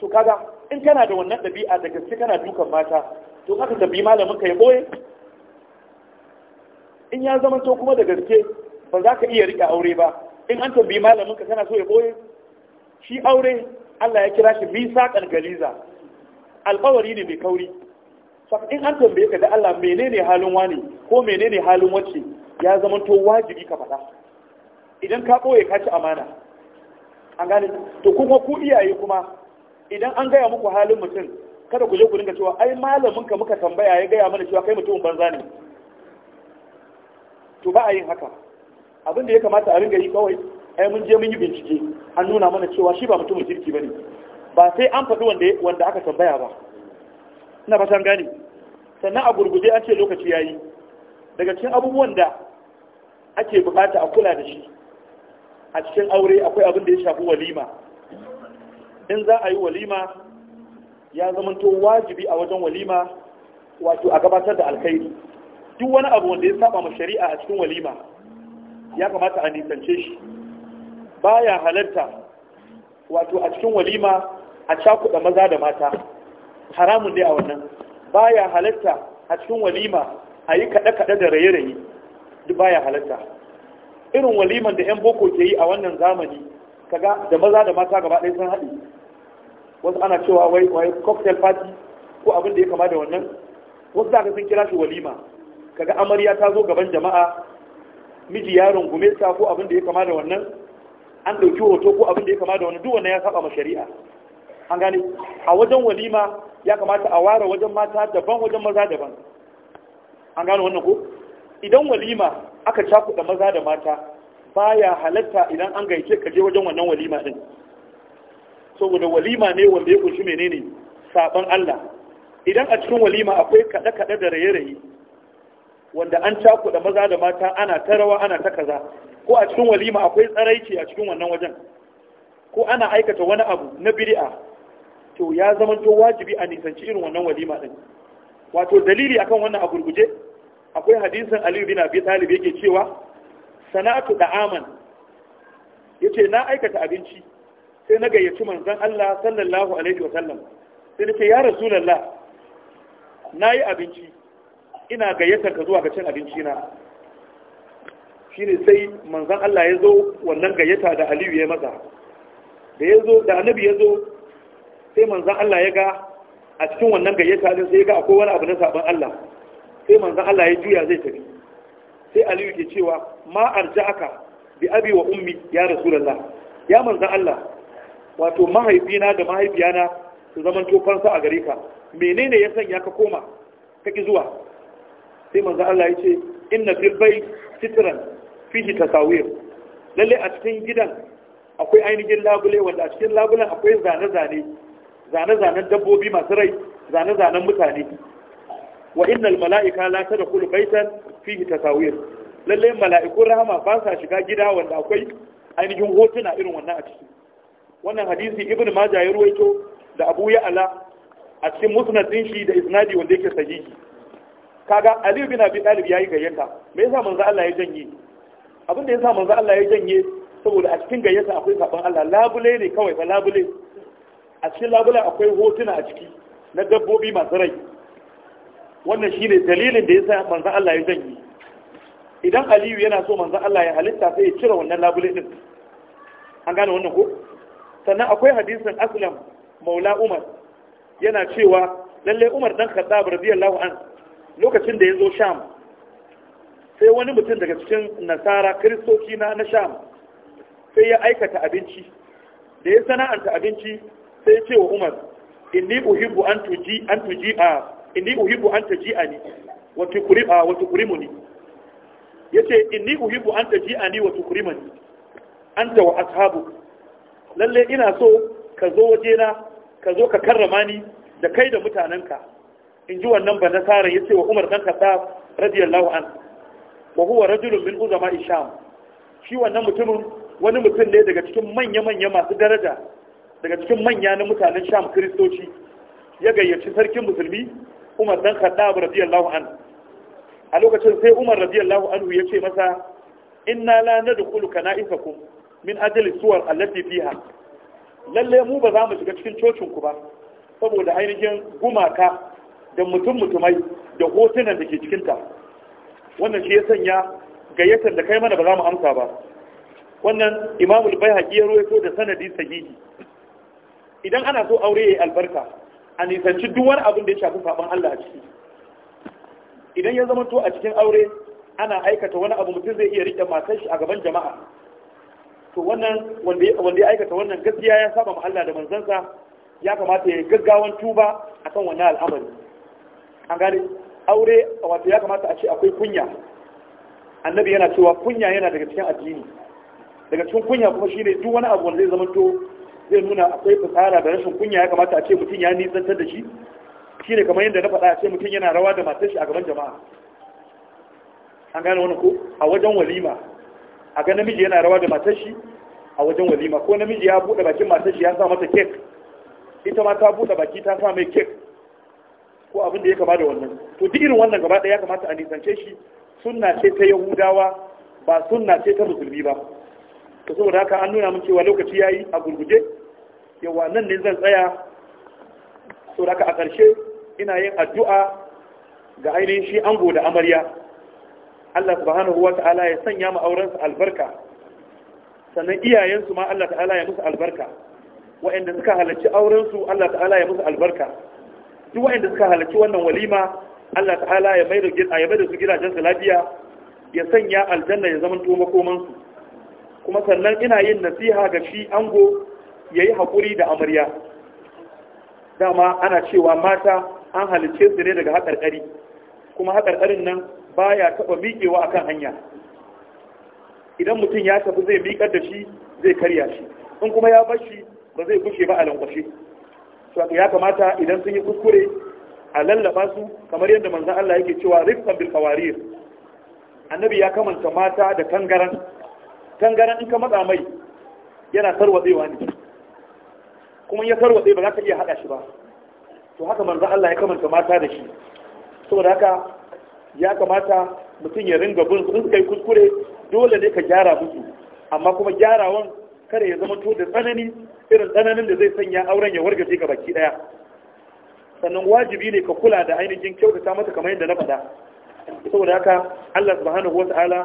Speaker 1: to kaga in kana da wannan ɗabi'a da gaske kana dukan mata to aka tabi malamin ka ya boye in ya zama to kuma da gaske ba za ka iya rika aure ba in an tambayi malamin ka kana so ya boye shi aure Allah ya kira shi Bi saƙan galiza alƙawari ne mai kauri in an tambaye ka da Allah menene halin wani ko menene halin wacce ya zama to wajibi ka faɗa idan ka boye ka ci amana an gane to kuma ku iyaye kuma idan an gaya muku halin mutum kada ku je ku dinga cewa ai malamin ka muka tambaya ya gaya mana cewa kai mutum banza ne to ba a yin haka abin da ya kamata a ringa yi kawai ai mun je mun yi bincike an nuna mana cewa shi ba mutumin kirki bane ba sai an faɗi wanda wanda aka tambaya ba ina ba san gane sannan a gurguje an ce lokaci yayi daga cikin abubuwan da ake bukata a kula da shi a cikin aure akwai abin da ya shafi walima in za a yi walima ya zamanto wajibi a wajen walima wato a gabatar da alkhairi duk wani abu wanda ya saba ma shari'a a cikin walima ya kamata a nisance shi baya halarta wato a cikin walima a cakuɗa maza da mata haramun dai a wannan baya halarta a cikin walima a yi kaɗe-kaɗe da raye-raye duk baya halarta irin waliman da 'yan boko ke yi a wannan zamani kaga da maza da mata gaba ɗaya sun haɗe wasu ana cewa wai wai cocktail party ko abin da ya kama da wannan wasu za ka sun kira shi walima kaga amarya ta zo gaban jama'a miji yaron rungume ta ko abin da ya kama da wannan an ɗauki hoto ko abin da ya kama da wannan duk wannan ya saba ma shari'a an gane a wajen walima ya kamata a ware wajen mata daban wajen maza daban an gane wannan ko idan walima aka cakuɗa maza da mata baya halatta idan an gaice ka je wajen wannan walima din saboda walima ne wanda ya kunshi menene saban Allah idan a cikin walima akwai kaɗe-kaɗe da raye-raye wanda an cakuɗa maza da mata ana ta rawa ana ta kaza ko a cikin walima akwai tsaraici a cikin wannan wajen ko ana aikata wani abu na bid'a to ya zama to wajibi a nisanci irin wannan walima din wato dalili akan wannan agurguje? guje akwai hadisin Aliyu bin Abi Talib yake cewa sana'atu da'aman yace na aikata abinci sai na gayyaci manzon Allah sallallahu alaihi wa sallam. sai nace ya rasulullah nayi abinci ina gayyatar ka zuwa ga cin abinci na shine sai manzon Allah ya zo wannan gayyata da Aliyu ya maza da ya zo da Annabi ya zo sai manzon Allah ya ga a cikin wannan gayyata din sai ya ga akwai wani abu na sabon Allah sai manzon Allah ya juya zai tafi sai Aliyu ke cewa ma aka bi abi wa ummi ya rasulullah ya manzon Allah wato mahaifina da mahaifiyana su zaman tofansa a gare ka menene ya sanya ka koma kaki zuwa sai manzo Allah ya ce inna fil bayt sitran fihi tasawir lalle a cikin gidan akwai ainihin labule wanda a cikin labulen akwai zane-zane zane-zanen dabbobi masu rai zane-zanen mutane wa innal mala'ika la tadkhulu baytan fihi tasawir lalle mala'ikun rahama ba sa shiga gida wanda akwai ainihin hotuna irin wannan a ciki wannan hadisi ibn majah ya ruwaito da abu ya'ala a cikin musnad din shi da isnadi wanda yake sahihi kaga aliyu bin abi talib yayi gayyata me yasa manzo Allah ya janye abin da yasa manzo Allah ya janye saboda a cikin gayyata akwai sabon Allah labule ne kawai fa labule a cikin labule akwai hotuna a ciki na dabbobi masu rai wannan shine dalilin da yasa manzo Allah ya janye idan aliyu yana so manzo Allah ya halitta sai ya cire wannan labule din an gane wannan ko sannan akwai hadisin aslam maula umar yana cewa lalle umar dan khattab radiyallahu anhu lokacin da ya zo sham sai wani mutum daga cikin nasara kiristoci na na sham sai ya aikata abinci da ya sana'anta abinci sai ya ce wa umar inni uhibbu an tuji an tuji a inni uhibbu an tuji ani wa tukuri a wa tukurimuni yace inni uhibbu an tuji ani wa tukurimuni anta wa ashabu lalle ina so ka zo wajena ka zo ka karrama ni da kai da mutanenka in ji wannan ba nasara ya ce wa umar dan kasa radiyallahu an wa huwa rajulun min uzama isham shi wannan mutumin wani mutum ne daga cikin manya-manya masu daraja daga cikin manya na mutanen sham kiristoci ya gayyaci sarkin musulmi umar dan khattab radiyallahu an a lokacin sai umar radiyallahu anhu ya ce masa inna la nadkhulu kana'isakum min ajli suwar allati fiha lalle mu ba za mu shiga cikin cocin ku ba saboda ainihin gumaka da mutum mutumai da hotunan da ke cikinta wannan shi ya sanya gayyatar da kai mana ba za mu amsa ba wannan imamul bai haƙi ya roe da sanadi sahihi idan ana so aure ya yi albarka a nisanci duwar abin da ya shafi faɓin Allah a ciki idan ya zama to a cikin aure ana aikata wani abu mutum zai iya riƙe matar shi a gaban jama'a to wannan wanda ya aikata wannan gaskiya ya saba ma Allah da manzansa ya kamata ya gaggawan tuba akan wannan al'amari an gane aure a wata ya kamata a ce akwai kunya annabi yana cewa kunya yana daga cikin addini daga cikin kunya kuma shi ne duk wani abu wanda zai zama to zai nuna akwai fasara da rashin kunya ya kamata a ce mutum ya nisantar da shi Shi ne kamar yadda na faɗa a ce mutum yana rawa da matar shi a gaban jama'a an gane wani ko a wajen walima a ga namiji yana rawa da matar shi a wajen walima ko namiji ya buɗe bakin matar shi ya sa mata kek ita ma ta buɗe baki ta sa mai kek ko abin da ya kama da wannan to duk irin wannan gaba ɗaya ya kamata a nisance shi sunna ce ta yahudawa ba sunna ce ta musulmi ba to saboda haka an nuna min cewa lokaci yayi a gurguje yawa nan ne zan tsaya to haka a ƙarshe ina yin addu'a ga ainihin shi ango da amarya Allah subhanahu wa ta'ala ya sanya mu aurensu albarka sannan iyayensu ma Allah ta'ala ya musu albarka wa'anda suka halarci aurensu Allah ta'ala ya musu albarka duk wa'anda suka halarci wannan walima Allah ta'ala ya mai da ya mai su gidajen su lafiya ya sanya aljanna ya zama to makoman su kuma sannan ina yin nasiha ga shi ango yayi hakuri da amarya dama ana cewa mata an halice su ne daga haƙarƙari kuma hakar haƙarƙarin nan baya taba miƙewa akan hanya idan mutum ya tafi zai miƙar da shi zai karya shi in kuma ya bar shi ba zai kushe ba a lankwashe saka ya kamata idan sun yi kuskure a lallaba su kamar yadda manzan Allah yake cewa rifkan bil kawarir annabi ya kamanta mata da tangaran tangaran in ka matsa mai yana sarwatsewa ne kuma ya tarwatse ba za ka iya haɗa shi ba to haka manzan Allah ya kamanta mata da shi saboda haka ya kamata mutum ya ringa bin sun kai kuskure dole ne ka gyara musu amma kuma gyarawan kada ya zama to da tsanani irin tsananin da zai sanya auren ya wargaje ga baki daya sannan wajibi ne ka kula da ainihin kyautata mata kamar yadda na faɗa saboda haka Allah subhanahu wata'ala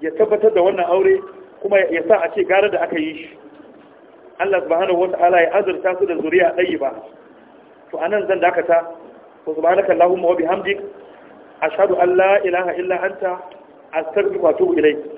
Speaker 1: ya tabbatar da wannan aure kuma ya sa a ce gara da aka yi shi Allah subhanahu wata'ala ya azurta su da zuriya ɗayi ba to anan zan dakata wa subhanaka allahumma wa bihamdik ashhadu an la ilaha illa anta astaghfiruka wa atubu ilayk